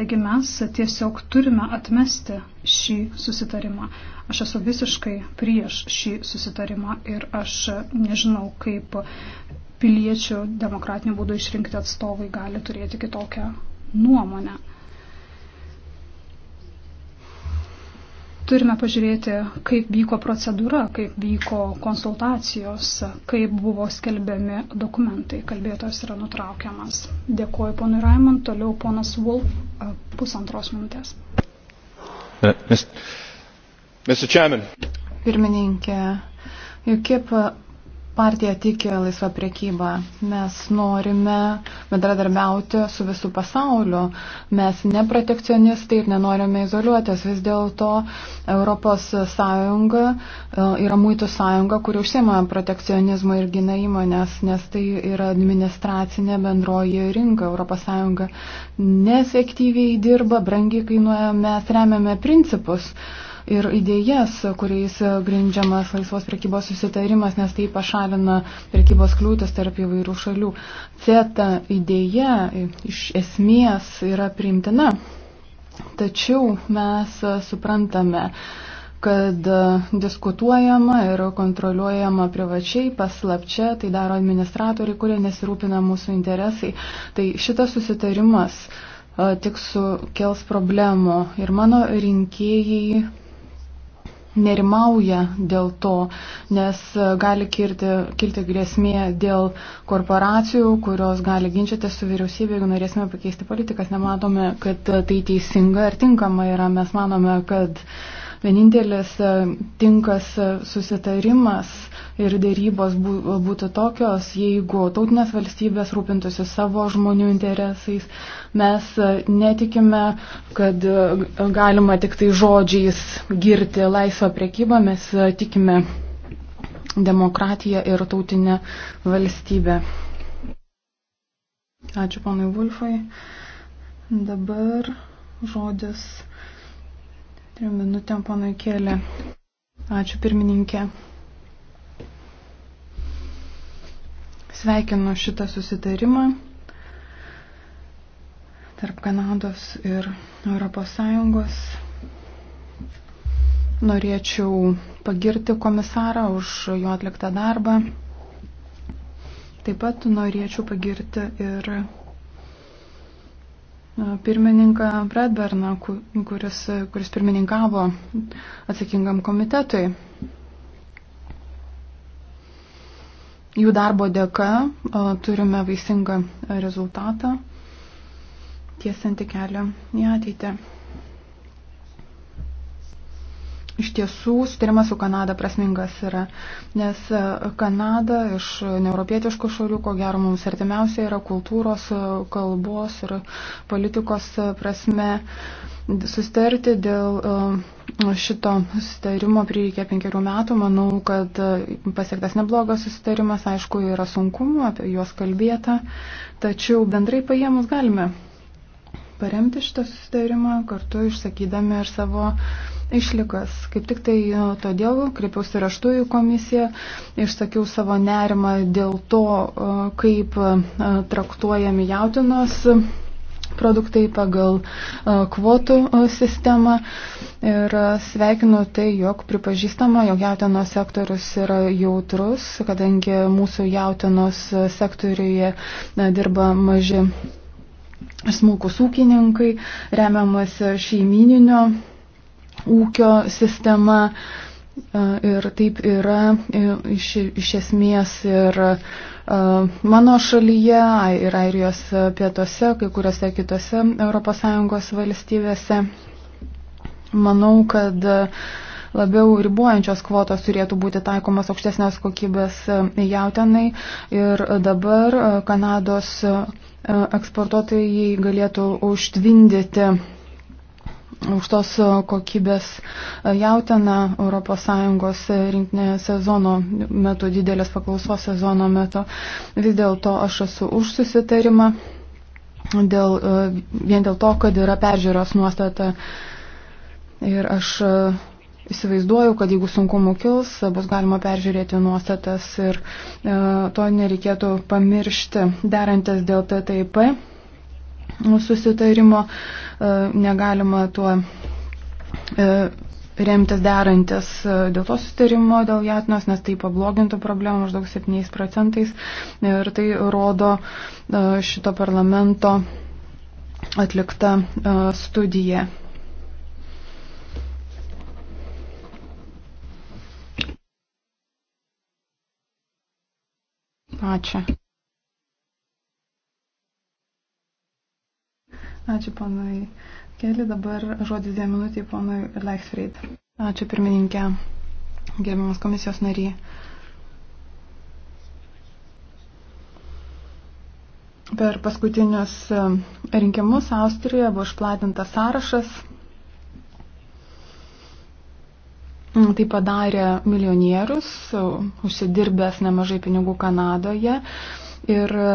Taigi mes tiesiog turime atmesti šį susitarimą. Aš esu visiškai prieš šį susitarimą ir aš nežinau, kaip piliečių demokratinių būdų išrinkti atstovai gali turėti kitokią nuomonę. Turime pažiūrėti, kaip vyko procedūra, kaip vyko konsultacijos, kaip buvo skelbiami dokumentai. Kalbėtojas yra nutraukiamas. Dėkuoju ponui Raimond, toliau ponas Wolf pusantros minutės. E, Pirmininkė, juk kaip partija tiki laisvą priekybą. Mes norime bendradarbiauti su visų pasauliu. Mes ne protekcionistai ir nenorime izoliuotis. Vis dėlto ES e, yra muitų sąjunga, kuri užsima protekcionizmą ir gina įmonės, nes tai yra administracinė bendroji rinka. ES nesefektyviai dirba, brangiai kainuoja, mes remiame principus. Uh, ir idėjas, kuriais grindžiamas laisvos prekybos susitarimas, nes tai pašalina prekybos kliūtis tarp įvairių šalių. CETA idėja iš esmės yra priimtina, tačiau mes suprantame, kad diskutuojama ir kontroliuojama privačiai, paslapčia, tai daro administratoriai, kurie nesirūpina mūsų interesai. Tai šitas susitarimas tik sukels problemų ir mano rinkėjai nerimauja dėl to, nes gali kirti, kilti grėsmė dėl korporacijų, kurios gali ginčyti su vyriausybė, jeigu norėsime pakeisti politikas. Nematome, kad tai teisinga ir tinkama yra. Mes manome, kad uh, vienintelis e, tinkas e, susitarimas ir dėrybos būtų tokios, jeigu tautinės valstybės rūpintųsi savo žmonių interesais. Mes e, netikime, kad galima tik tai žodžiais girti laisvą priekybą, mes tikime demokratiją ir tautinę valstybę. Ačiū ponui Vulfai. Dabar žodis Trim minutėm ponai kėlė. Ačiū pirmininkė. Sveikinu šitą susitarimą tarp Kanados ir ES. Norėčiau pagirti komisarą už jo atliktą darbą. Taip pat norėčiau pagirti ir pirmininką Bradberną, kuris, kuris pirmininkavo atsakingam komitetui. Jų darbo dėka turime vaisingą rezultatą tiesinti kelią į ateitį. Iš tiesų, sutarimas su Kanada prasmingas yra, nes e, Kanada iš neuropietiškų šalių, ko gero mums artimiausia, yra kultūros, e, kalbos ir politikos e, prasme. Sustarti dėl šito sustarimo prireikė penkerių metų. Manau, kad pasiektas neblogas sustarimas, aišku, yra sunkumų, apie juos kalbėta, tačiau bendrai paėmus galime paremti šitą sustarimą, kartu išsakydami ir savo išlikas. Kaip tik tai e, todėl kreipiausi raštu į komisiją, išsakiau savo nerimą dėl to, e, kaip e, traktuojami jautinos produktai pagal kvotų sistemą ir sveikinu tai, jog pripažįstama, jog jautinos sektorius yra jautrus, kadangi mūsų jautinos sektoriuje dirba maži smulkus ūkininkai, remiamas šeimininio ūkio sistema. E, ir taip yra e, iš, iš esmės ir e, mano šalyje, ir Airijos pietuose, kai kuriuose kitose ES valstybėse. Manau, kad labiau ribojančios kvotos turėtų būti taikomas aukštesnės kokybės jautenai. Ir dabar Kanados eksportuotojai galėtų užtvindyti aukštos e, kokybės e, jautiena ES e, rinkinėje sezono metu, didelės paklausos sezono metu. Vis dėlto aš esu už susitarimą, dėl, vien dėl to, kad yra peržiūros nuostata. Ir aš įsivaizduoju, kad jeigu sunkumų kils, bus galima peržiūrėti nuostatas ir e, to nereikėtų pamiršti derantis dėl TTIP susitarimo, e, negalima tuo e, remtis derantis e, dėl to sustarimo, dėl Jatnos, nes tai pablogintų problemą maždaug 7 procentais ir tai rodo šito parlamento atlikta studija. Ačiū. Ačiū ponui Keli, dabar žodis dviem minutį ponui Leichfried. Ačiū pirmininkė, gerbiamas komisijos nariai. Per paskutinius e, rinkimus Austrijoje buvo išplatintas sąrašas. Tai padarė milijonierius, užsidirbęs nemažai pinigų Kanadoje. Ir e,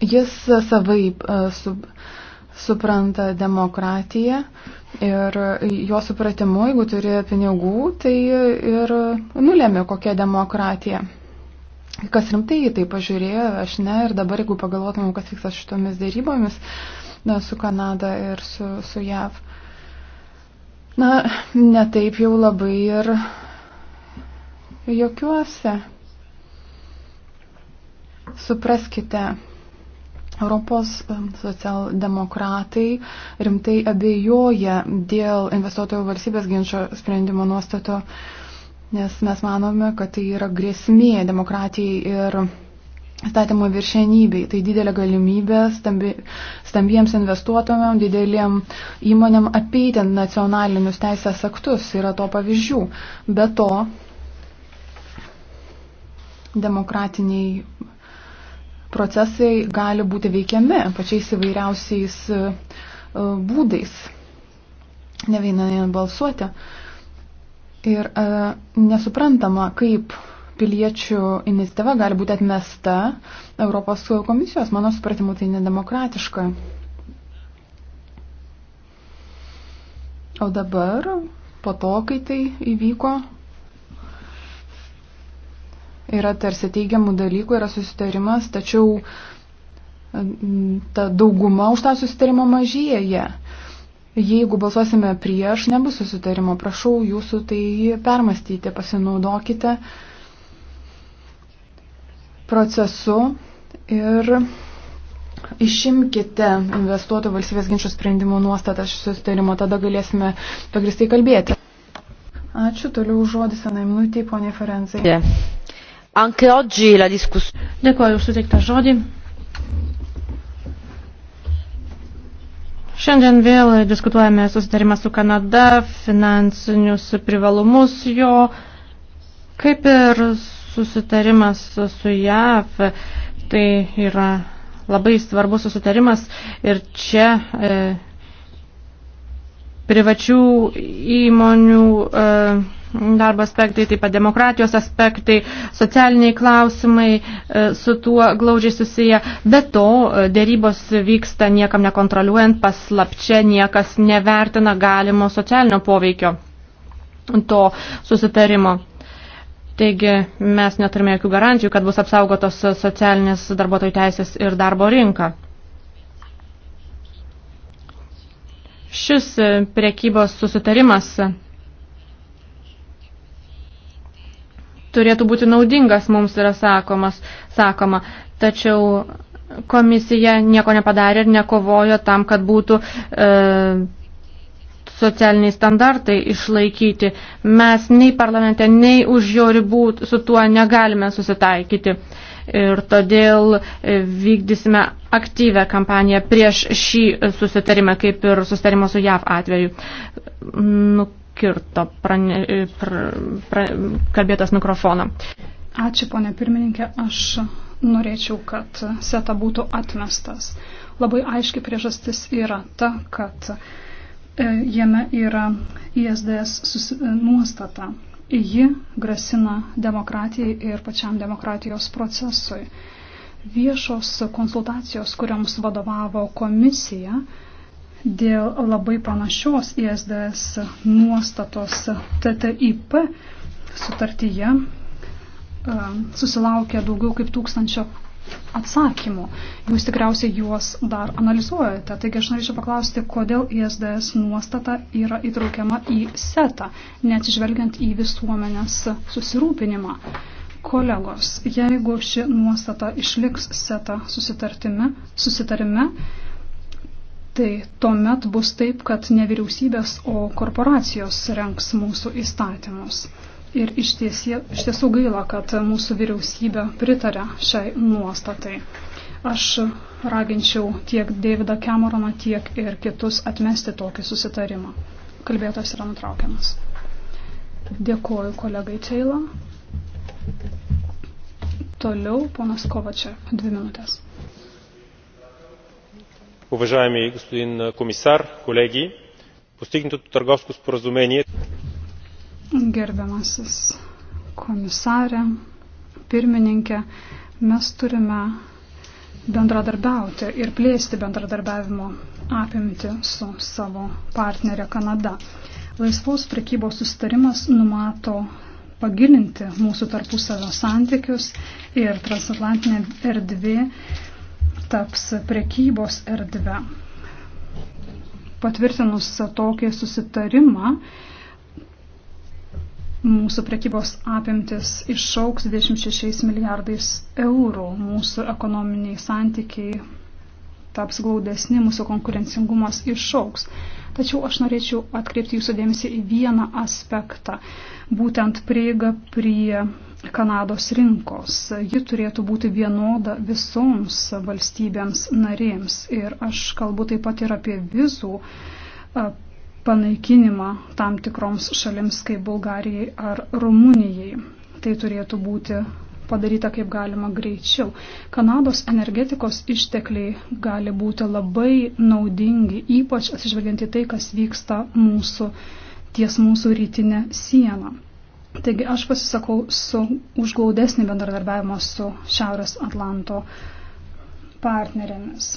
Jis e, savai e, su, supranta demokratiją ir jo supratimu, jeigu turi pinigų, tai ir nulėmė kokia demokratija. Kas rimtai į tai pažiūrėjo, aš ne, ir dabar jeigu pagalvotumėm, kas vyksta šitomis dėrybomis na, su Kanada ir su, su JAV, na, netaip jau labai ir jokiuose. Supraskite, Europos e, socialdemokratai rimtai abejoja dėl investuotojų valstybės ginčio sprendimo nuostato, nes mes manome, kad tai yra grėsmė demokratijai ir statymo viršenybei. Tai didelė galimybė stambi, stambiems investuotojams, dideliem įmonėm apeiti nacionalinius teisės aktus. Yra to pavyzdžių. Be to, demokratiniai procesai gali būti veikiami pačiais įvairiausiais e, būdais, ne vienoje balsuoti. Ir e, nesuprantama, kaip piliečių iniciatyva gali būti atmesta Europos komisijos, mano supratimu, tai nedemokratiška. O dabar, po to, kai tai įvyko, yra tarsi teigiamų dalykų, yra susitarimas, tačiau ta dauguma už tą susitarimą mažėja. Jeigu balsuosime prieš, nebus susitarimo. Prašau jūsų tai permastyti, pasinaudokite procesu ir išimkite investuotojų valstybės ginčių sprendimo nuostatą šį susitarimo, tada galėsime pagristai kalbėti. Ačiū, toliau žodis anai minutį, ponė Ferencai. Yeah. Anche oggi la discussione. Dėkuoju už suteiktą žodį. Šiandien vėl diskutuojame susitarimą su Kanada, finansinius privalumus jo, kaip ir susitarimas su JAV, tai yra labai svarbus susitarimas ir čia e, privačių įmonių e, darbo aspektai, taip pat demokratijos aspektai, socialiniai klausimai e, su tuo glaudžiai susiję. Be to, e, dėrybos vyksta niekam nekontroliuojant, paslapčia niekas nevertina galimo socialinio poveikio to susitarimo. Taigi mes neturime jokių garantijų, kad bus apsaugotos socialinės darbuotojų teisės ir darbo rinka. Šis e, priekybos susitarimas turėtų būti naudingas, mums yra sakomas, sakoma. Tačiau komisija nieko nepadarė ir nekovojo tam, kad būtų e, socialiniai standartai išlaikyti. Mes nei parlamente, nei už jo ribų su tuo negalime susitaikyti. Ir todėl e, vykdysime aktyvę kampaniją prieš šį susitarimą, kaip ir susitarimo su JAV atveju. Nu, kirto prane, pra, pra, kalbėtas mikrofoną. Ačiū, ponė pirmininkė. Aš norėčiau, kad seta būtų atmestas. Labai aiški priežastis yra ta, kad e, jame yra ISDS susi... nuostata. Ji grasina demokratijai ir pačiam demokratijos procesui. Viešos konsultacijos, kuriams vadovavo komisija, dėl labai panašios ISDS nuostatos TTIP sutartyje e, susilaukė daugiau kaip tūkstančio atsakymų. Jūs tikriausiai juos dar analizuojate. Taigi aš norėčiau paklausti, kodėl ISDS nuostata yra įtraukiama į setą, neatsižvelgiant į visuomenės susirūpinimą. Kolegos, jeigu ši nuostata išliks setą susitarime, tai tuomet bus taip, kad ne vyriausybės, o korporacijos renks mūsų įstatymus. Ir iš, tiesie, iš tiesų gaila, kad mūsų vyriausybė pritarė šiai nuostatai. Aš raginčiau tiek Davidą Cameroną, tiek ir kitus atmesti tokį susitarimą. Kalbėtojas yra nutraukiamas. Dėkuoju kolegai Teilą. Toliau ponas Kovačia, dvi minutės уважаеми господин комисар колеги постигнатото търговско споразумение Gerbiamasis komisarė, pirmininkė, mes turime bendradarbiauti ir plėsti bendradarbiavimo apimti su savo partnerė Kanada. Laisvos prekybos sustarimas numato pagilinti mūsų tarpusavio santykius ir transatlantinė erdvė taps prekybos erdve. Patvirtinus tokį susitarimą, mūsų prekybos apimtis išauks 26 milijardais eurų, mūsų ekonominiai santykiai taps glaudesni, mūsų konkurencingumas išauks. Tačiau aš norėčiau atkreipti jūsų dėmesį į vieną aspektą, būtent prieiga prie Kanados rinkos. Ji turėtų būti vienoda visoms valstybėms narėms. Ir aš kalbu taip pat ir apie vizų panaikinimą tam tikroms šalims kaip Bulgarijai ar Rumunijai. Tai turėtų būti padaryta kaip galima greičiau. Kanados energetikos ištekliai gali būti labai naudingi, ypač atsižvelgiant į tai, kas vyksta mūsų ties mūsų rytinė siena. Taigi aš pasisakau su užglaudesnį bendradarbiavimą su Šiaurės Atlanto partnerėmis.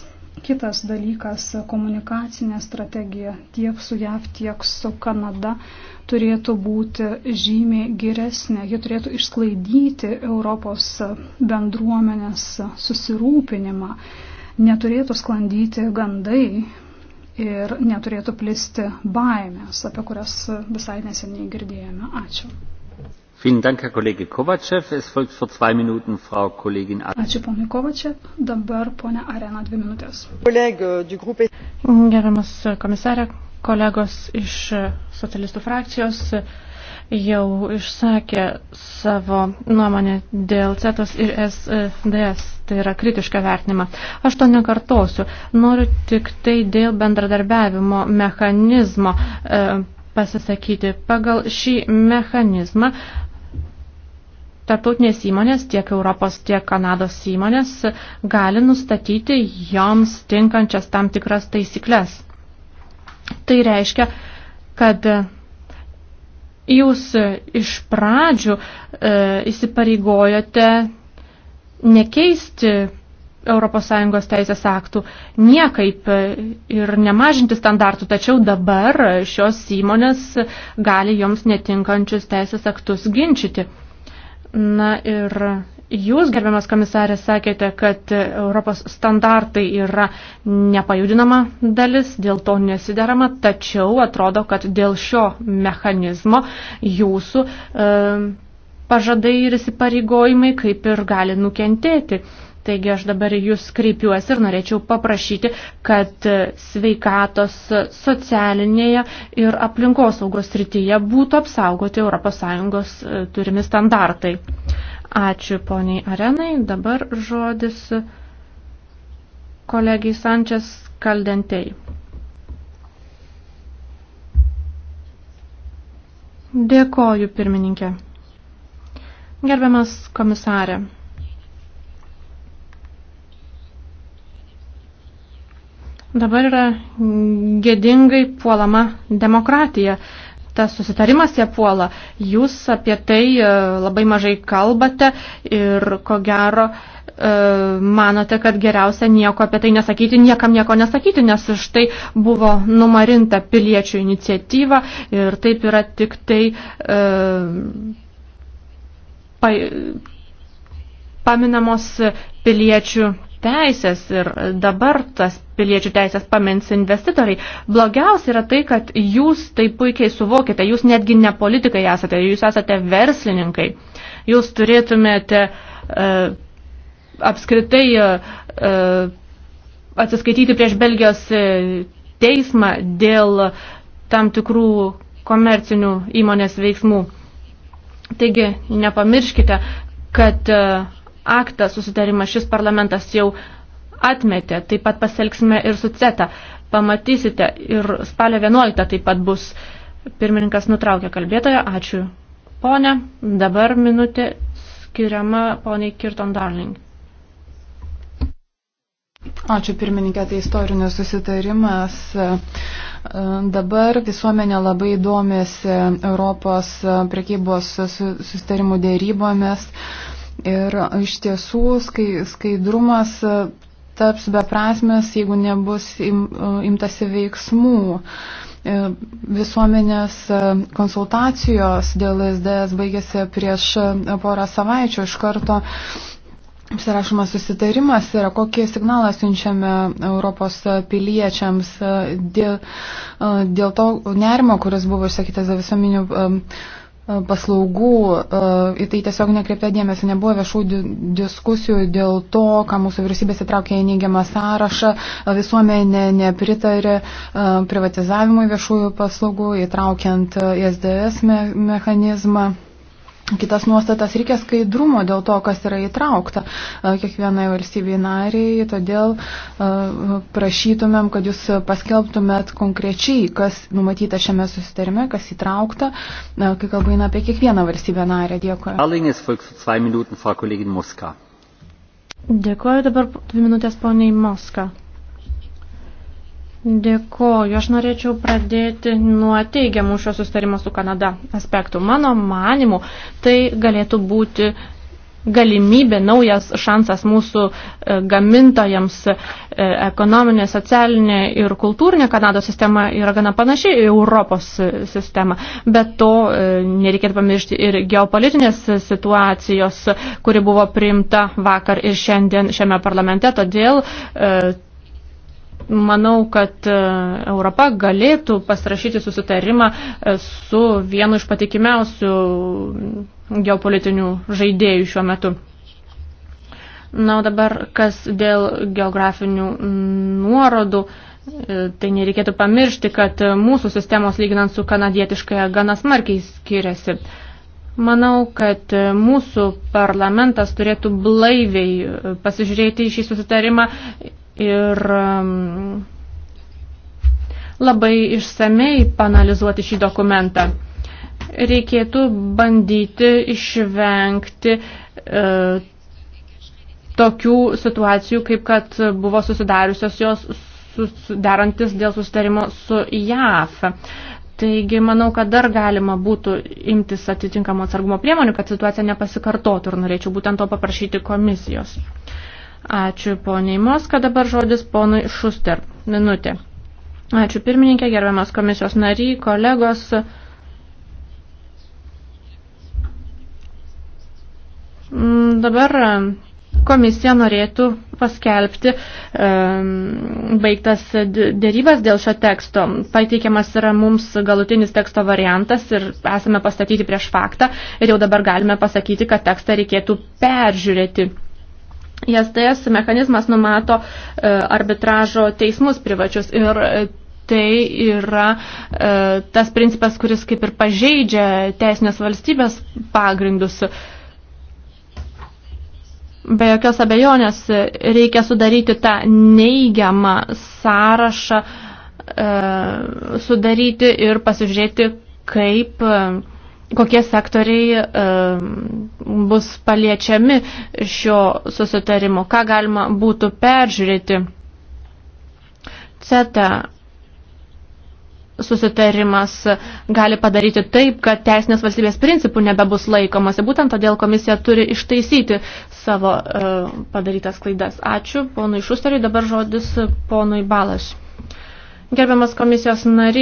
Kitas dalykas - komunikacinė strategija tiek su JAV, tiek su Kanada turėtų būti žymiai geresnė. Ji turėtų išsklaidyti Europos bendruomenės susirūpinimą. Neturėtų sklandyti gandai ir neturėtų plisti baimės, apie kurias visai neseniai girdėjome. Ačiū. Ačiū ponui Kovačev, dabar ponia Arena dvi minutės. Geriamas komisarė, kolegos iš socialistų frakcijos jau išsakė savo nuomonę dėl CETOS ir SDS, tai yra kritišką vertinimą. Aš to nekartosiu, noriu tik tai dėl bendradarbiavimo mechanizmo e, pasisakyti. Pagal šį mechanizmą Tarptautinės įmonės, tiek Europos, tiek Kanados įmonės gali nustatyti joms tinkančias tam tikras taisyklės. Tai reiškia, kad jūs iš pradžių e, įsipareigojote nekeisti ES teisės aktų niekaip ir nemažinti standartų, tačiau dabar šios įmonės gali joms netinkančius teisės aktus ginčyti. Na ir jūs, gerbiamas komisarė, sakėte, kad Europos standartai yra nepajudinama dalis, dėl to nesiderama, tačiau atrodo, kad dėl šio mechanizmo jūsų e, pažadai ir įsipareigojimai kaip ir gali nukentėti. E, Taigi aš dabar jūs kreipiuosi ir norėčiau paprašyti, kad sveikatos socialinėje ir aplinkosaugos srityje būtų apsaugoti ES e, turimi standartai. Ačiū poniai Arenai. Dabar žodis kolegijai Sančias Kaldentei. Dėkoju, pirmininkė. Gerbiamas komisarė. dabar yra gėdingai puolama demokratija. Tas susitarimas jie puola. Jūs apie tai e, labai mažai kalbate ir ko gero e, manote, kad geriausia nieko apie tai nesakyti, niekam nieko nesakyti, nes iš tai buvo numarinta piliečių iniciatyva ir taip yra tik tai e, pa, paminamos piliečių teisės ir dabar tas piliečių teisės pamins investitoriai. Blogiausia yra tai, kad jūs tai puikiai suvokite, jūs netgi ne politikai esate, jūs esate verslininkai. Jūs turėtumėte e, apskritai e, e atsiskaityti prieš Belgijos e, teismą dėl tam tikrų komercinių įmonės veiksmų. Taigi nepamirškite, kad e, aktą susitarimą šis parlamentas jau atmetė. Taip pat pasielgsime ir su CETA. Pamatysite ir spalio 11 taip pat bus. Pirmininkas nutraukė kalbėtoją. Ačiū. Pone, dabar minutė skiriama poniai Kirton Darling. Ačiū pirmininkė, tai istorinis susitarimas. Dabar visuomenė labai domėsi Europos prekybos susitarimų dėrybomis. Ir iš tiesų skaidrumas e, taps beprasmės, jeigu nebus im, e, imtasi veiksmų. E, visuomenės konsultacijos dėl SDS baigėsi prieš porą savaičių. Iš karto apsirašomas susitarimas yra, kokie signalą siunčiame Europos piliečiams dėl, dėl to nerimo, kuris buvo išsakytas dėl visuomenių paslaugų, e, į tai tiesiog nekreipta dėmesio, nebuvo viešų diskusijų dėl to, ką mūsų vyriausybės įtraukė į neigiamą sąrašą, e, visuomenė nepritarė e, privatizavimui viešųjų paslaugų, įtraukiant SDS mechanizmą. Kitas nuostatas reikia skaidrumo dėl to, kas yra įtraukta e, kiekvienai valstybei nariai, todėl e, prašytumėm, kad jūs paskelbtumėt konkrečiai, kas numatyta šiame susitarime, kas įtraukta, e, kai kalba eina apie kiekvieną valstybę narę. Dėkuoju. Dėkuoju dabar dvi minutės poniai Moska. Dėkoju. Aš norėčiau pradėti nuo teigiamų šio sustarimo su Kanada aspektų. Mano manimu, tai galėtų būti galimybė, naujas šansas mūsų e, gamintojams e, ekonominė, socialinė ir kultūrinė Kanados sistema yra gana panaši į Europos e, sistemą. Bet to nereikėtų pamiršti ir geopolitinės situacijos, kuri buvo priimta vakar ir šiandien šiame parlamente. Todėl manau, kad e, Europa galėtų pasirašyti susitarimą e, su vienu iš patikimiausių geopolitinių žaidėjų šiuo metu. Na, o dabar kas dėl geografinių nuorodų, e, tai nereikėtų pamiršti, kad mūsų sistemos lyginant su kanadietiškaja gana smarkiai skiriasi. Manau, kad mūsų parlamentas turėtų blaiviai pasižiūrėti į šį susitarimą ir um, labai išsamei panalizuoti šį dokumentą. Reikėtų bandyti išvengti e, tokių situacijų, kaip kad buvo susidariusios jos sudarantis dėl susitarimo su JAF. Taigi, manau, kad dar galima būtų imtis atitinkamo atsargumo priemonių, kad situacija nepasikartotų ir norėčiau būtent to paprašyti komisijos. Uh, Ačiū poniai Moska, dabar žodis ponui Šuster. Minutė. Ačiū pirmininkė, gerbiamas komisijos nariai, kolegos. Mm, dabar komisija norėtų paskelbti baigtas dėrybas dėl šio teksto. Pateikiamas yra mums galutinis teksto variantas ir esame pastatyti prieš faktą ir jau dabar galime pasakyti, kad tekstą reikėtų peržiūrėti. JSTS mechanizmas numato e, arbitražo teismus privačius ir e, tai yra e, tas principas, kuris kaip ir pažeidžia teisinės valstybės pagrindus. Be jokios abejonės reikia sudaryti tą neigiamą sąrašą, sudaryti ir pasižiūrėti, kaip kokie sektoriai bus paliečiami šio susitarimo, ką galima būtų peržiūrėti. CETA susitarimas gali padaryti taip, kad teisinės valstybės principų nebebus laikomasi. Būtent todėl komisija turi ištaisyti savo padarytas klaidas. Ačiū ponui Šusteriui, dabar žodis ponui Balaš. Gerbiamas komisijos nary,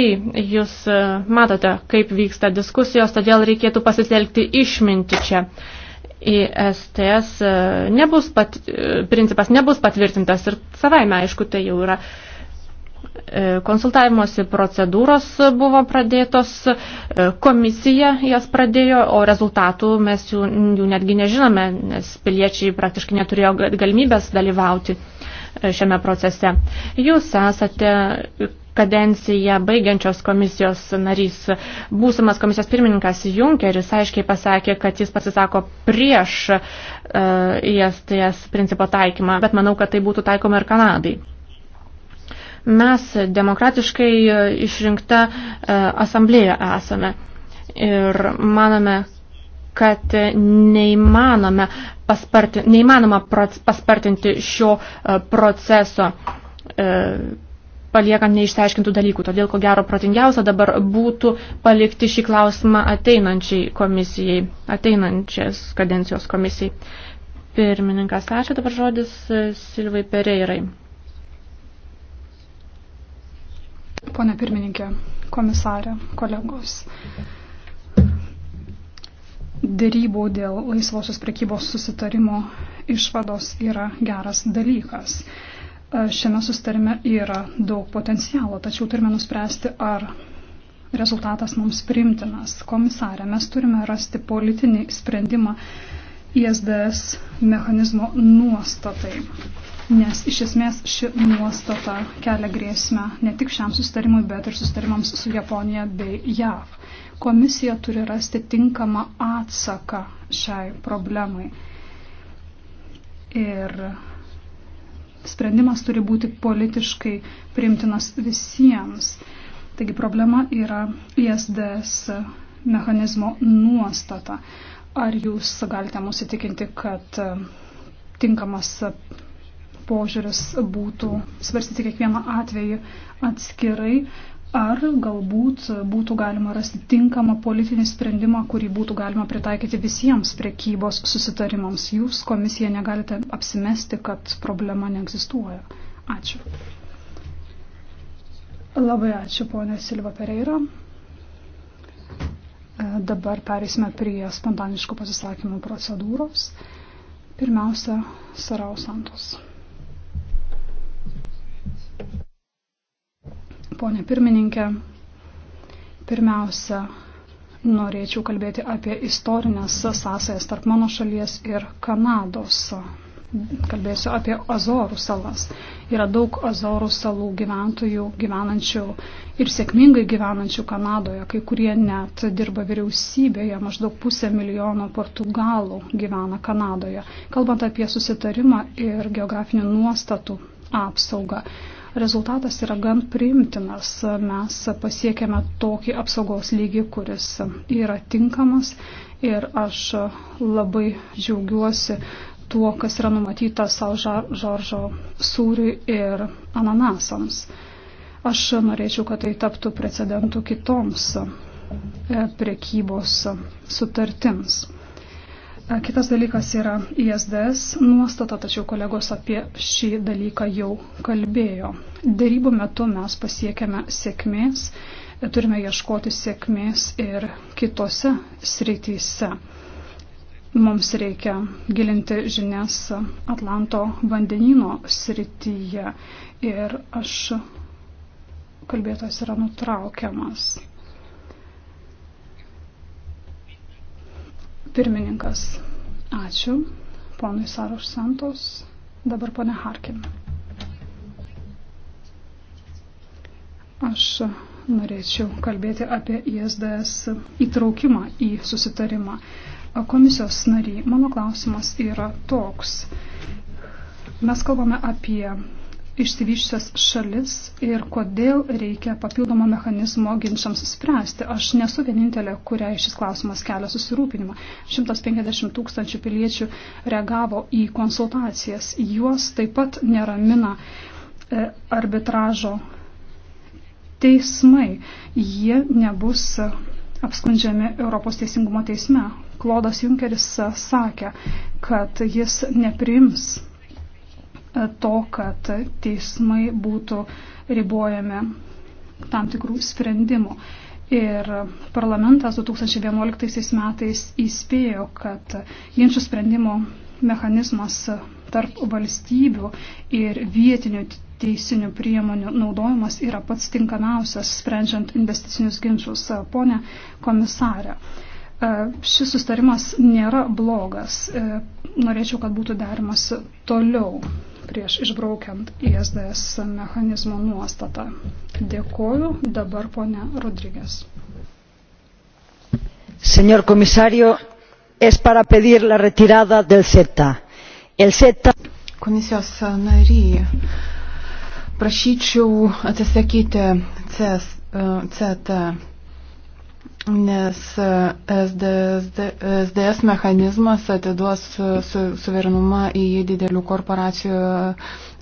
jūs e, matote, kaip vyksta diskusijos, todėl reikėtų pasitelkti išminti čia. Į STS e, nebus pat, e, principas nebus patvirtintas ir savaime, aišku, tai jau yra uh, E, konsultavimosi procedūros buvo pradėtos, e, komisija jas pradėjo, o rezultatų mes jų, jų netgi nežinome, nes piliečiai praktiškai neturėjo galimybės dalyvauti e, šiame procese. Jūs esate kadenciją baigiančios komisijos narys. Būsimas komisijos pirmininkas Junkeris aiškiai pasakė, kad jis pasisako prieš uh, ISTS principo taikymą, bet manau, kad tai būtų taikoma ir Kanadai. Mes demokratiškai e, išrinkta e, asamblėja esame ir manome, kad neįmanome pasparti, neįmanoma paspartinti šio e, proceso paliekant neišsiaiškintų dalykų. Todėl, ko gero, protingiausia dabar būtų palikti šį klausimą ateinančiai komisijai, ateinančias kadencijos komisijai. Pirmininkas, ačiū dabar žodis Silvai Pereirai. Pone pirmininkė, komisarė, kolegos. Dėrybų dėl laisvosios prekybos susitarimo išvados yra geras dalykas. E, šiame susitarime yra daug potencialo, tačiau turime nuspręsti, ar rezultatas mums primtinas. Komisarė, mes turime rasti politinį sprendimą ISDS mechanizmo nuostatai nes iš esmės ši nuostata kelia grėsmę ne tik šiam sustarimui, bet ir sustarimams su Japonija bei JAV. Komisija turi rasti tinkamą atsaką šiai problemai. Ir sprendimas turi būti politiškai priimtinas visiems. Taigi problema yra ISDS mechanizmo nuostata. Ar jūs galite mus įtikinti, kad tinkamas požiūris būtų svarstyti kiekvieną atvejį atskirai, ar galbūt būtų galima rasti tinkamą politinį sprendimą, kurį būtų galima pritaikyti visiems priekybos susitarimams. Jūs komisija negalite apsimesti, kad problema neegzistuoja. Ačiū. Labai ačiū, ponė Silva Pereira. Dabar perėsime prie spontaniškų pasisakymų procedūros. Pirmiausia, Sarau Santos. Pone pirmininkė, pirmiausia, norėčiau kalbėti apie istorinės sąsajas tarp mano šalies ir Kanados. Kalbėsiu apie Azorų salas. Yra daug Azorų salų gyventojų gyvenančių ir sėkmingai gyvenančių Kanadoje, kai kurie net dirba vyriausybėje, maždaug pusę milijono portugalų gyvena Kanadoje. Kalbant apie susitarimą ir geografinių nuostatų apsaugą. Rezultatas yra gan priimtinas. Mes pasiekėme tokį apsaugos lygį, kuris yra tinkamas ir aš labai džiaugiuosi tuo, kas yra numatyta Salžoržo sūriui ir ananasams. Aš norėčiau, kad tai taptų precedentų kitoms e, prekybos sutartims. Kitas dalykas yra ISDS nuostata, tačiau kolegos apie šį dalyką jau kalbėjo. Dėrybų metu mes pasiekėme sėkmės, turime ieškoti sėkmės ir kitose srityse. Mums reikia gilinti žinias Atlanto vandenino srityje ir aš kalbėtojas yra nutraukiamas. Pirmininkas, ačiū. Ponui Saroš Santos, dabar ponė Harkin. Aš norėčiau kalbėti apie ISDS įtraukimą į susitarimą. Komisijos nariai, mano klausimas yra toks. Mes kalbame apie išsivyščias šalis ir kodėl reikia papildomo mechanizmo ginčiams spręsti. Aš nesu vienintelė, kuriai šis klausimas kelia susirūpinimą. 150 tūkstančių piliečių reagavo į konsultacijas. Juos taip pat neramina e, arbitražo teismai. Jie nebus apskundžiami Europos teisingumo teisme. Klodas Junkeris sakė, kad jis nepriims to, kad teismai būtų ribojami tam tikrų sprendimų. Ir parlamentas 2011 metais įspėjo, kad ginčių sprendimo mechanizmas tarp valstybių ir vietinių teisinių priemonių naudojimas yra pats tinkamiausias sprendžiant investicinius ginčius. Pone komisarė, šis sustarimas nėra blogas. Norėčiau, kad būtų darimas toliau prieš išbraukiant ISDS mechanizmo nuostatą. Dėkoju dabar ponia Rodrygės. Señor komisario, es para pedir la retirada del CETA. El CETA... Komisijos nariai, prašyčiau atsisakyti CETA nes e, SDSD, SDS mechanizmas atiduos su, su, suverenumą į didelių korporacijų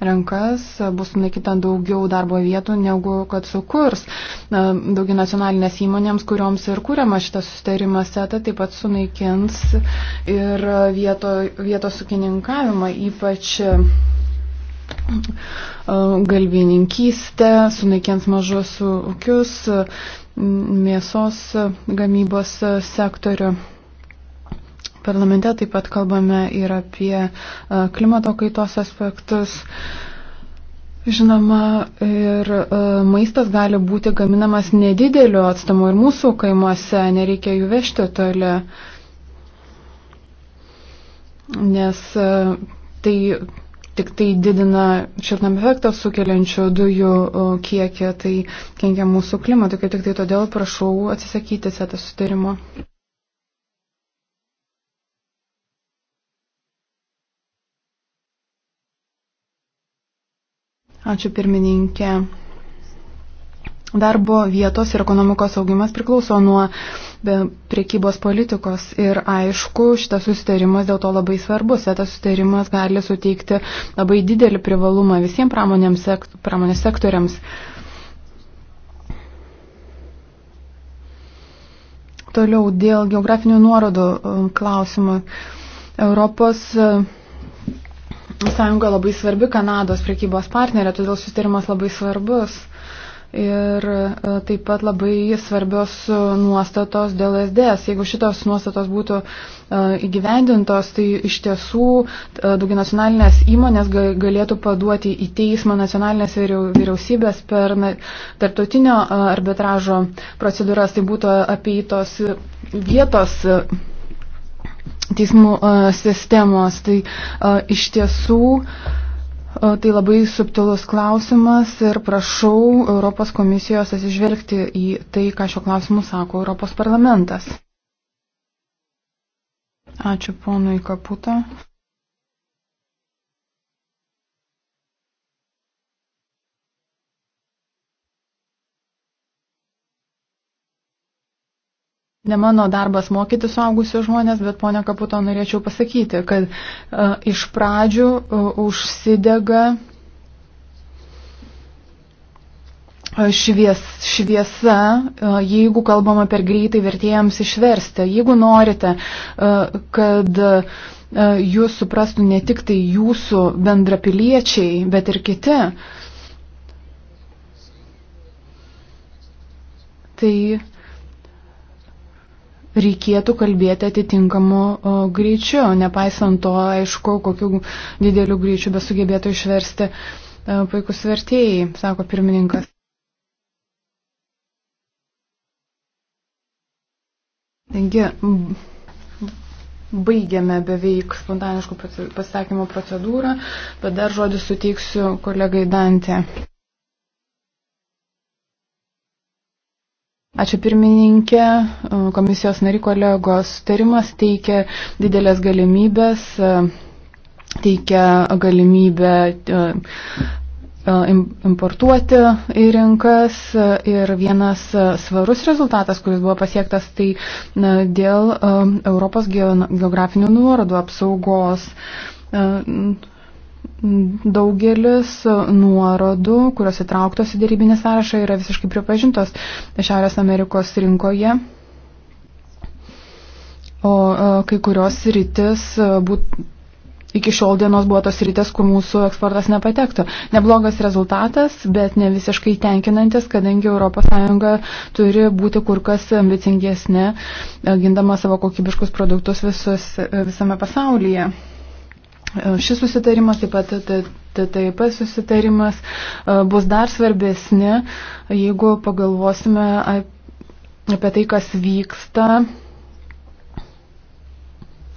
rankas, bus sunaikyta daugiau darbo vietų, negu kad sukurs daugi nacionalinės įmonėms, kurioms ir kūriama šitas susitarimas setą, taip pat sunaikins ir vieto, vietos sukininkavimą, ypač e, galvininkystę, sunaikins mažus ūkius, mėsos gamybos sektorių. Parlamente taip pat kalbame ir apie e, klimato kaitos aspektus. Žinoma, ir e, maistas gali būti gaminamas nedideliu atstumu ir mūsų kaimuose, nereikia jų vežti toli, nes e, tai tik tai didina šiltnam efektą sukeliančių dujų kiekį, tai kenkia mūsų klimatui. Kaip tik tai todėl prašau atsisakyti CETA sutarimo. Ačiū pirmininkė. Darbo vietos ir ekonomikos augimas priklauso nuo priekybos politikos ir aišku, šitas susitarimas dėl to labai svarbus. Tas susitarimas gali suteikti labai didelį privalumą visiems pramonės sektoriams. Toliau dėl geografinių nuorodų um, klausimų. Europos um, Sąjunga labai svarbi Kanados priekybos partnerė, todėl susitarimas labai svarbus. Ir e, taip pat labai svarbios e, nuostatos dėl SDS. Jeigu šitos nuostatos būtų e, įgyvendintos, tai iš tiesų daugianacionalinės įmonės galėtų paduoti į teismą nacionalinės vyriausybės per tarptautinio arbitražo procedūras. Tai būtų apeitos vietos teismų sistemos. Tai iš tiesų Tai labai subtilus klausimas ir prašau Europos komisijos atsižvelgti į tai, ką šio klausimu sako Europos parlamentas. Ačiū ponui Kaputa. Ne mano darbas mokyti suaugusius žmonės, bet ponia Kaputo norėčiau pasakyti, kad uh, iš pradžių uh, užsidega e, švies, šviesa, jeigu kalbama per greitai vertėjams išversti. Jeigu norite, kad jūs suprastų ne tik tai jūsų bendrapiliečiai, bet ir kiti, tai reikėtų kalbėti atitinkamu greičiu, nepaisant to, aišku, kokiu dideliu greičiu besugebėtų išversti e, puikus vertėjai, sako pirmininkas. Taigi, baigiame beveik spontaniškų pasakymų procedūrą, bet dar žodį suteiksiu kolegai Dantė. Ačiū pirmininkė, e, komisijos nari kolegos sutarimas teikia didelės galimybės, e, teikia galimybę e, importuoti į rinkas ir vienas svarus rezultatas, kuris buvo pasiektas, tai dėl Europos geografinių nuorodų apsaugos Daugelis nuorodų, kurios įtrauktos į dėrybinį sąrašą, yra visiškai pripažintos Šiaurės Amerikos rinkoje. O e, kai kurios rytis e, būt, iki šiol dienos buvo tos rytis, kur mūsų eksportas nepatektų. Neblogas rezultatas, bet ne visiškai tenkinantis, kadangi ES turi būti kur kas ambicingesnė, e, gindama savo kokybiškus produktus visus, visame pasaulyje. Šis susitarimas, taip pat TTIP susitarimas e, bus dar svarbesni, jeigu pagalvosime apie tai, kas vyksta,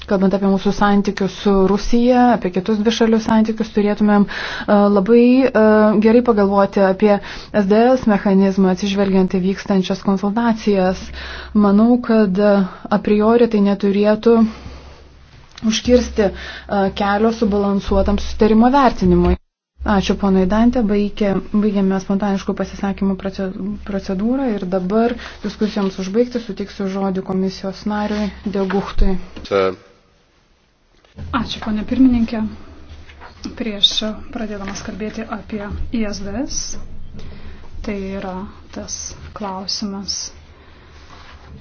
kalbant apie mūsų santykius su Rusija, apie kitus dvišalius santykius, turėtumėm e, labai e, gerai pagalvoti apie SDS mechanizmą, atsižvelgiant į vykstančias konsultacijas. Manau, kad a priori tai neturėtų užkirsti kelio subalansuotam susitarimo vertinimui. Ačiū ponui Dantė, baigė, baigėme spontaniškų pasisakymų procedūrą ir dabar diskusijoms užbaigti sutiksiu žodį komisijos nariui Deguhtui. Ačiū ponė pirmininkė. Prieš pradėdamas kalbėti apie ISDS, tai yra tas klausimas,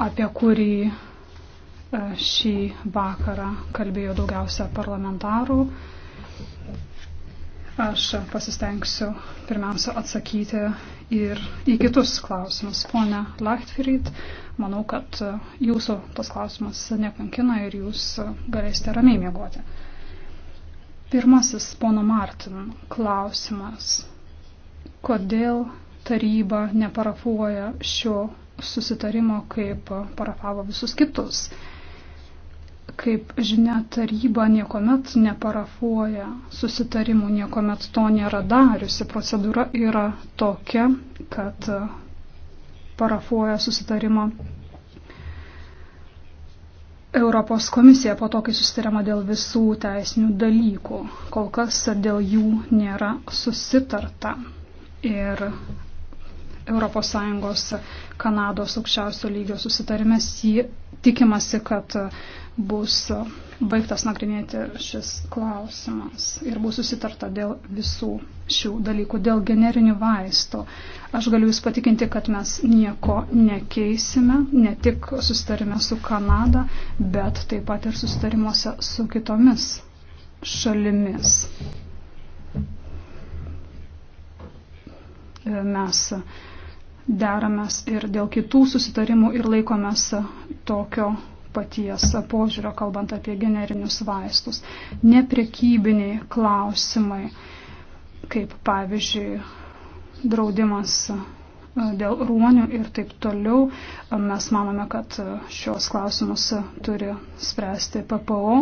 apie kurį E, šį vakarą kalbėjo daugiausia parlamentarų. Aš pasistengsiu pirmiausia atsakyti ir į kitus klausimus. Pone Lachtfried, manau, kad jūsų tas klausimas nekankina ir jūs galėsite ramiai miegoti. Pirmasis pono Martin klausimas. Kodėl taryba neparafuoja šio susitarimo, kaip parafavo visus kitus? Kaip žinia, taryba niekuomet neparafuoja susitarimų, niekuomet to nėra dariusi. Procedūra yra tokia, kad parafuoja susitarimą Europos komisija po to, kai susitariama dėl visų teisinių dalykų. Kol kas dėl jų nėra susitarta. Ir ES Kanados aukščiausio lygio susitarime tikimasi, kad bus baigtas nagrinėti šis klausimas ir bus susitarta dėl visų šių dalykų, dėl generinių vaistų. Aš galiu Jūs patikinti, kad mes nieko nekeisime, ne tik susitarime su Kanada, bet taip pat ir susitarimuose su kitomis šalimis. Mes deramės ir dėl kitų susitarimų ir laikomės tokio paties požiūrio, kalbant apie generinius vaistus. Neprekybiniai klausimai, kaip pavyzdžiui, draudimas e, dėl ruonių ir taip toliau. Mes manome, kad šios klausimus turi spręsti PPO.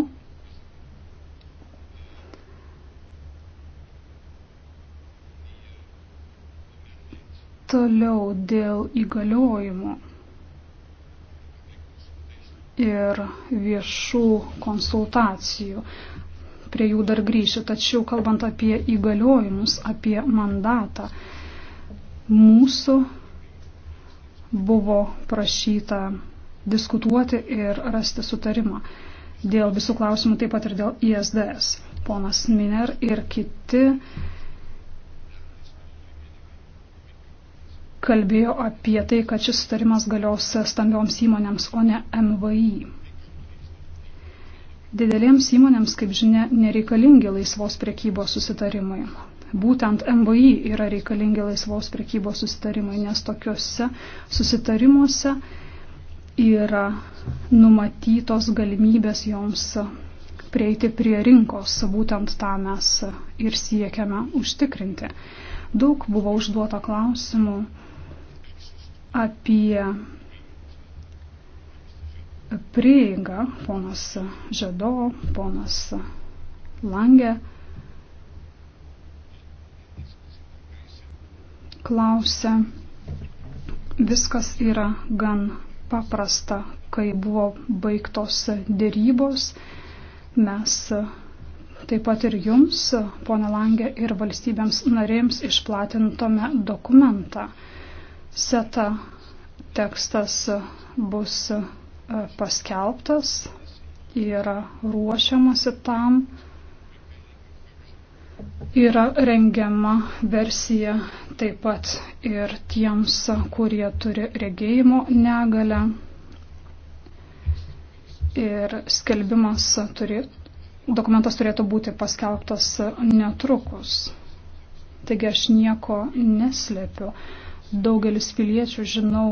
Toliau dėl įgaliojimų ir viešų konsultacijų. Prie jų dar grįšiu, tačiau kalbant apie įgaliojimus, apie mandatą, mūsų buvo prašyta diskutuoti ir rasti sutarimą dėl visų klausimų, taip pat ir dėl ISDS. Ponas Miner ir kiti kalbėjo apie tai, kad šis sutarimas galios stambioms įmonėms, o ne MVI. Didelėms įmonėms, kaip žinia, nereikalingi laisvos priekybos susitarimai. Būtent MVI yra reikalingi laisvos priekybos susitarimai, nes tokiuose susitarimuose yra numatytos galimybės joms prieiti prie rinkos. Būtent tą mes ir siekiame užtikrinti. Daug buvo užduota klausimų apie prieigą, ponas Žado, ponas Langė klausia, viskas yra gan paprasta, kai buvo baigtos dėrybos, mes taip pat ir jums, ponė Langė, ir valstybėms narėms išplatintome dokumentą seta tekstas bus e, paskelbtas, yra ruošiamasi tam, yra rengiama versija taip pat ir tiems, kurie turi regėjimo negalę ir skelbimas turi, dokumentas turėtų būti paskelbtas netrukus. Taigi aš nieko neslėpiu. Daugelis piliečių, žinau,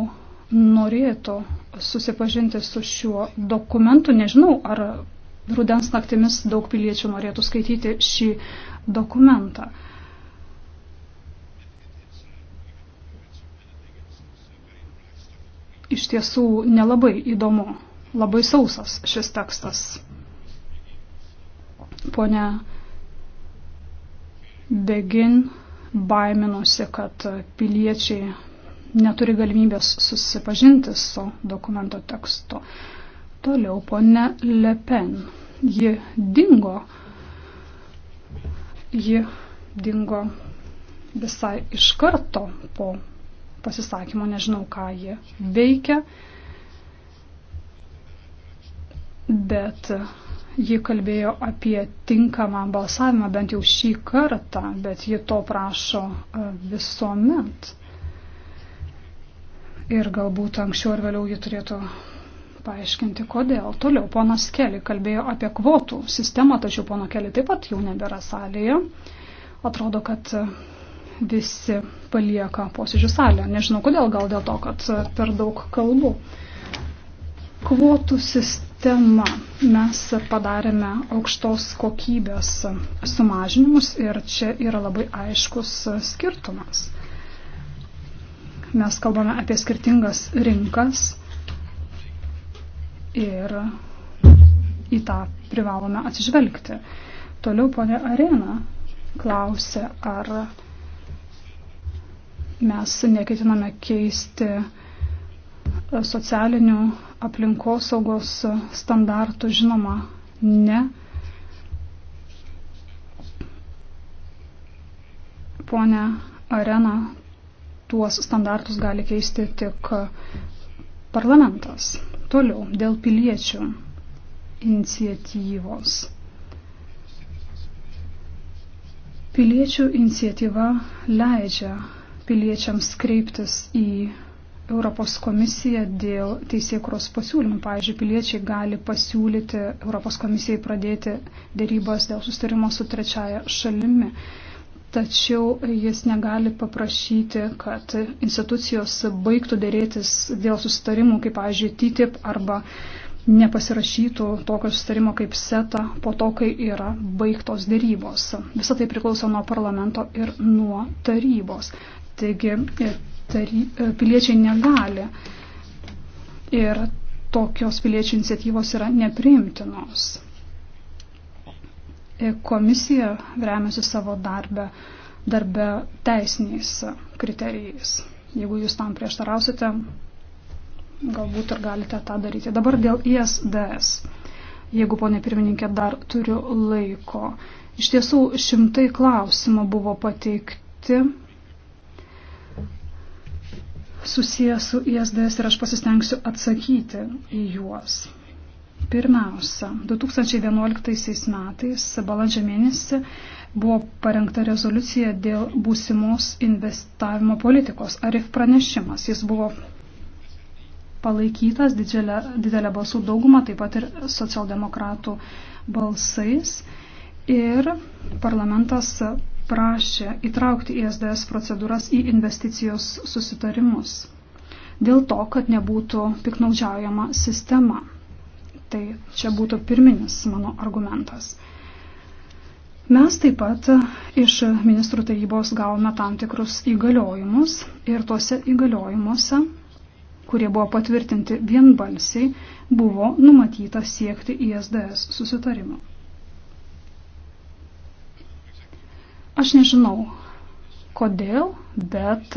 norėtų susipažinti su šiuo dokumentu. Nežinau, ar rudens naktimis daug piliečių norėtų skaityti šį dokumentą. Iš tiesų nelabai įdomu, labai sausas šis tekstas. Pone Begin baiminosi, kad piliečiai neturi galimybės susipažinti su dokumento tekstu. Toliau ponė Le Pen. Ji dingo. Ji dingo visai iš karto po pasisakymo, nežinau, ką ji veikia. Bet Ji kalbėjo apie tinkamą balsavimą bent jau šį kartą, bet ji to prašo e, visuomet. Ir galbūt anksčiau ar vėliau ji turėtų paaiškinti, kodėl. Toliau ponas Keli kalbėjo apie kvotų sistemą, tačiau pono Keli taip pat jau nebėra salėje. Atrodo, kad e, visi palieka posėdžių salę. Nežinau kodėl, gal dėl to, kad e, per daug kalbų. Kvotų sistema tema. Mes padarėme aukštos kokybės sumažinimus ir čia yra labai aiškus skirtumas. Mes kalbame apie skirtingas rinkas ir į tą privalome atsižvelgti. Toliau ponė Arena klausė, ar mes neketiname keisti socialinių aplinkosaugos standartų, žinoma, ne. Pone Arena, tuos standartus gali keisti tik parlamentas. Toliau, dėl piliečių iniciatyvos. Piliečių iniciatyva leidžia piliečiams kreiptis į Europos komisija dėl teisėkros pasiūlymų. Pavyzdžiui, piliečiai gali pasiūlyti Europos komisijai pradėti dėrybas dėl sustarimo su trečiaja šalimi. Tačiau jis negali paprašyti, kad institucijos baigtų dėrėtis dėl sustarimų, kaip, pavyzdžiui, TTIP arba nepasirašytų tokio sustarimo kaip SETA po to, kai yra baigtos dėrybos. Visą tai priklauso nuo parlamento ir nuo tarybos. Taigi tary, e, piliečiai negali. Ir tokios piliečių iniciatyvos yra nepriimtinos. E, komisija remiasi savo darbę, darbę teisiniais kriterijais. Jeigu jūs tam prieštarausite, galbūt ir galite tą daryti. Dabar dėl ISDS. Jeigu, ponė pirmininkė, dar turiu laiko. Iš tiesų, šimtai klausimų buvo pateikti susijęs su ISDS ir aš pasistengsiu atsakyti į juos. Pirmiausia, 2011 metais, balandžio mėnesį, buvo parengta rezoliucija dėl būsimos investavimo politikos. Arif pranešimas, jis buvo palaikytas didžiulė, didelė balsų dauguma, taip pat ir socialdemokratų balsais. Ir parlamentas prašė įtraukti ISDS procedūras į investicijos susitarimus dėl to, kad nebūtų piknaudžiaujama sistema. Tai čia būtų pirminis mano argumentas. Mes taip pat iš ministrų tarybos gavome tam tikrus įgaliojimus ir tuose įgaliojimuose, kurie buvo patvirtinti vienbalsiai, buvo numatyta siekti ISDS susitarimu. Aš nežinau, kodėl, bet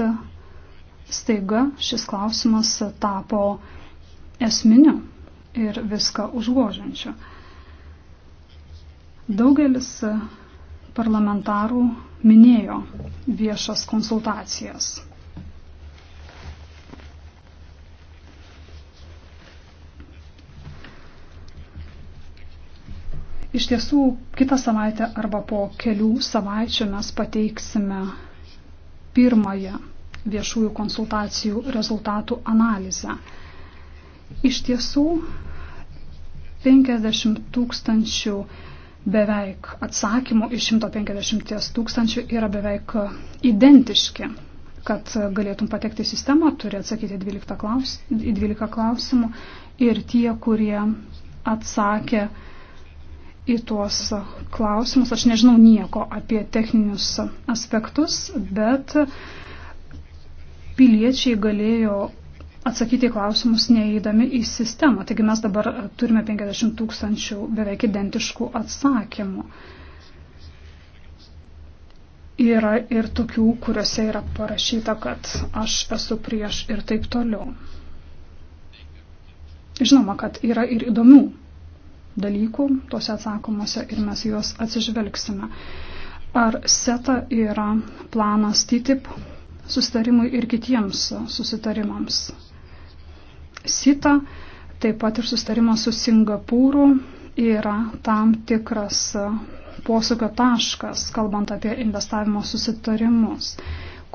staiga šis klausimas tapo esminiu ir viską užgožiančiu. Daugelis parlamentarų minėjo viešas konsultacijas. Iš tiesų, kitą savaitę arba po kelių savaičių mes pateiksime pirmąją viešųjų konsultacijų rezultatų analizę. Iš tiesų, 50 tūkstančių beveik atsakymų iš 150 tūkstančių yra beveik identiški. Kad galėtum patekti į sistemą, turi atsakyti 12 klaus, 12 klausimų ir tie, kurie atsakė į tuos klausimus. Aš nežinau nieko apie techninius aspektus, bet piliečiai galėjo atsakyti į klausimus neįdami į sistemą. Taigi mes dabar turime 50 tūkstančių beveik identiškų atsakymų. Yra ir tokių, kuriuose yra parašyta, kad aš esu prieš ir taip toliau. Žinoma, kad yra ir įdomių dalykų tuose atsakomuose ir mes juos atsižvelgsime. Ar SETA yra planas TTIP susitarimui ir kitiems susitarimams? SITA, taip pat ir susitarimas su Singapūru yra tam tikras posūkio taškas, kalbant apie investavimo susitarimus.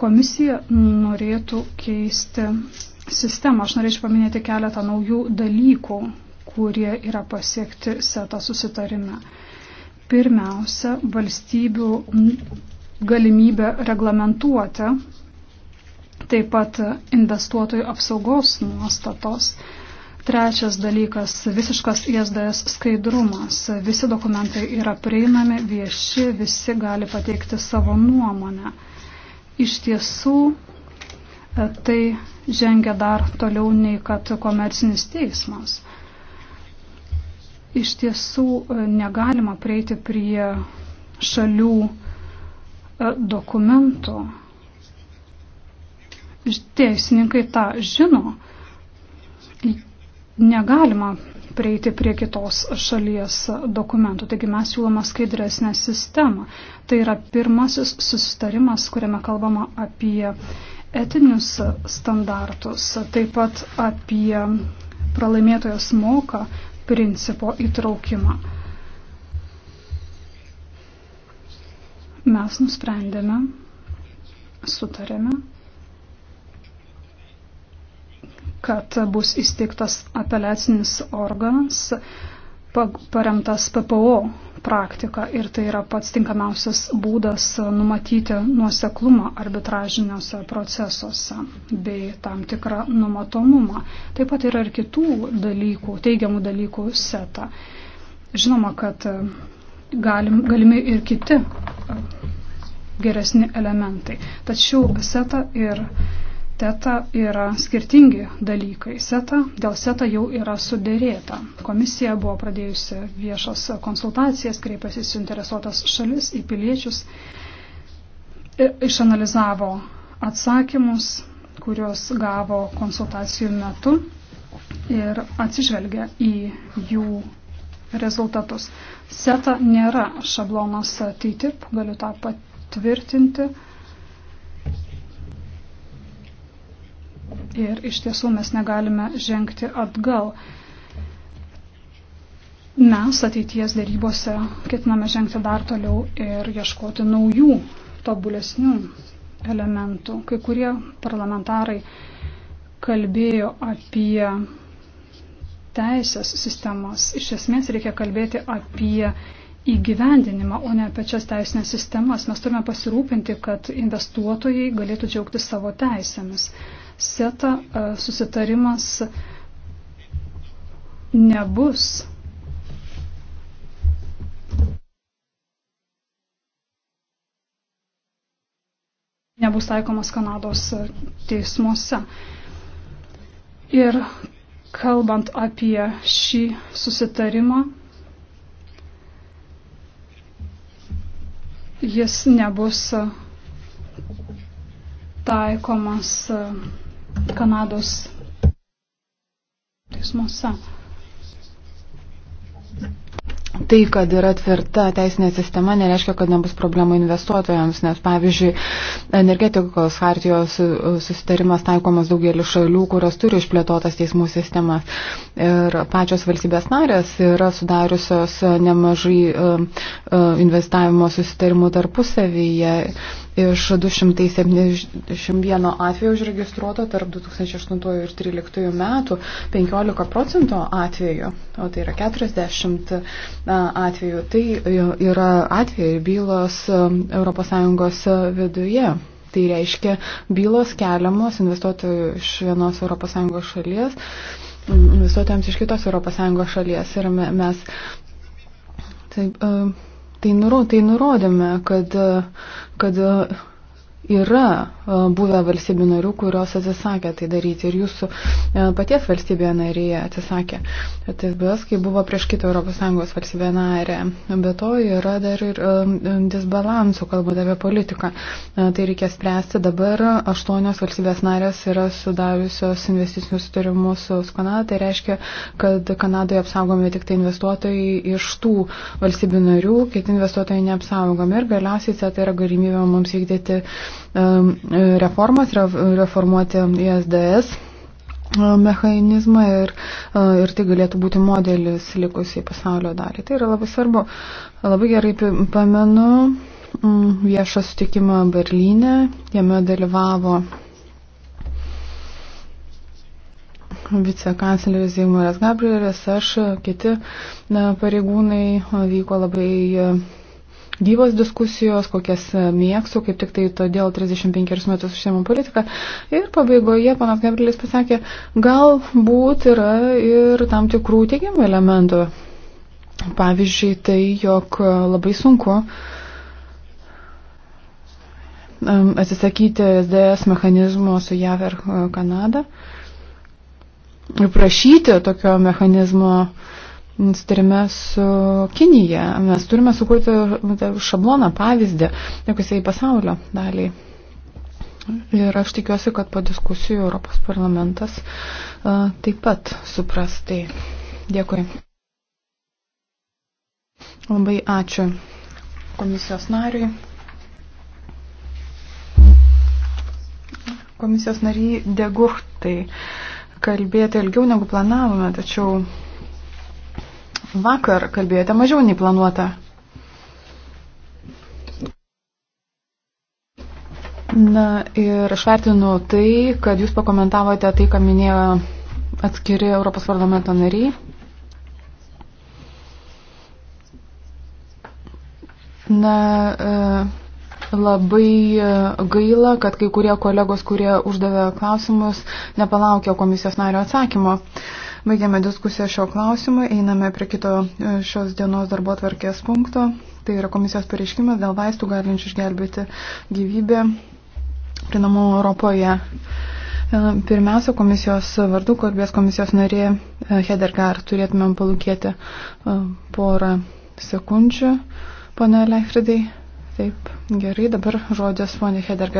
Komisija norėtų keisti sistemą. Aš norėčiau paminėti keletą naujų dalykų, kurie yra pasiekti SETA susitarime. Pirmiausia, valstybių galimybė reglamentuoti, taip pat investuotojų apsaugos nuostatos. Trečias dalykas - visiškas ISDS skaidrumas. Visi dokumentai yra prieinami, vieši, visi gali pateikti savo nuomonę. Iš tiesų, tai žengia dar toliau nei kad komercinis teismas. Iš tiesų e, negalima prieiti prie šalių e, dokumento. Teisininkai tą žino. Negalima prieiti prie kitos šalies dokumentų. Taigi mes siūloma skaidresnę sistemą. Tai yra pirmasis susitarimas, kuriame kalbama apie etinius standartus, taip pat apie pralaimėtojas moka principo įtraukimą. Mes nusprendėme, sutarėme, kad bus įsteigtas apeliacinis organas paremtas PPO praktika ir tai yra pats tinkamiausias būdas numatyti nuoseklumą arbitražiniuose procesuose bei tam tikrą numatomumą. Taip pat yra ir kitų dalykų, teigiamų dalykų setą. Žinoma, kad e, galim, galimi ir kiti e, geresni elementai. Tačiau setą ir teta yra skirtingi dalykai. Seta, dėl seta jau yra sudėrėta. Komisija buvo pradėjusi viešas konsultacijas, kreipėsi suinteresuotas šalis į piliečius, išanalizavo atsakymus, kuriuos gavo konsultacijų metu ir atsižvelgia į jų rezultatus. Seta nėra šablonas TTIP, galiu tą patvirtinti ir iš tiesų mes negalime žengti atgal. Mes ateities dėrybose ketiname žengti dar toliau ir ieškoti naujų, tobulesnių elementų. Kai kurie parlamentarai kalbėjo apie teisės sistemas. Iš esmės reikia kalbėti apie įgyvendinimą, o ne apie šias teisinės sistemas. Mes turime pasirūpinti, kad investuotojai galėtų džiaugtis savo teisėmis. SETA e, susitarimas nebus nebus taikomas Kanados teismuose. Ir kalbant apie šį susitarimą, jis nebus taikomas e, Kanados teismuose. Tai, kad yra tvirta teisinė sistema, nereiškia, kad nebus problemų investuotojams, nes, pavyzdžiui, energetikos hartijos e, susitarimas taikomas daugelį šalių, kurios turi išplėtotas teismų sistemas. Ir pačios valstybės narės yra sudariusios nemažai e, e, investavimo susitarimų tarpusavyje. Iš 271 atveju užregistruoto tarp 2008 ir 2013 metų 15 procentų atvejų, o tai yra 40 e, atvejų, tai e, yra atvejai bylos ES e, viduje. Tai reiškia bylos keliamos investuotojų iš vienos ES šalies investuotojams iš kitos ES šalies ir mes taip, tai, nuro, tai nurodėme, kad, kad yra e, buvę valstybių narių, kurios atsisakė tai daryti ir jūsų e, paties valstybėje narėje atsisakė TSBS, kai buvo prieš kitą ES valstybę narę. Be to yra dar ir e, disbalansų, kalbant apie politiką. Tai reikia spręsti. Dabar aštuonios valstybės narės yra sudariusios investicinius sutarimus su Kanada. Tai reiškia, kad Kanadoje apsaugomi tik tai investuotojai iš tų valstybių narių, kiti investuotojai neapsaugomi. Ir galiausiai tai yra galimybė mums vykdyti uh, reformas, reformuoti ISDS e, mechanizmą ir, e, ir tai galėtų būti modelis likusiai pasaulio daliai. Tai yra labai svarbu. Labai gerai pamenu viešą sutikimą Berlyne, jame dalyvavo vicekancleris Zimuras Gabrielis, aš, kiti pareigūnai vyko labai gyvos diskusijos, kokias e, mėgstu, kaip tik tai todėl 35 metus užsiemu politiką. Ir pabaigoje panas Gabrielis pasakė, galbūt yra ir tam tikrų teigiamų elementų. Pavyzdžiui, tai, jog labai sunku atsisakyti SDS mechanizmo su JAV ir Kanada ir prašyti tokio mechanizmo uh, sutarime su Kinija. Mes turime sukurti šabloną, pavyzdį, jokusiai pasaulio daliai. Ir aš tikiuosi, kad po diskusijų Europos parlamentas uh, taip pat supras tai. Dėkui. Labai ačiū komisijos nariui. Komisijos nariai Deguchtai kalbėti ilgiau negu planavome, tačiau Vakar kalbėjote mažiau nei planuota. Na ir aš vertinu tai, kad jūs pakomentavote tai, ką minėjo atskiri Europos parlamento nariai. Na, e, labai gaila, kad kai kurie kolegos, kurie uždavė klausimus, nepalaukė komisijos nario atsakymo. Uh, Baigiame diskusiją šio klausimu, einame prie kito e, šios dienos darbo atvarkės punkto. Tai yra komisijos pareiškimas dėl vaistų galinčių išgelbėti gyvybę prinamų Europoje. E, pirmiausia, komisijos vardu, kalbės komisijos narė e, Hedergar, turėtumėm palūkėti porą sekundžių, pane Leifridai. Taip, gerai, dabar žodis ponė Hedergar.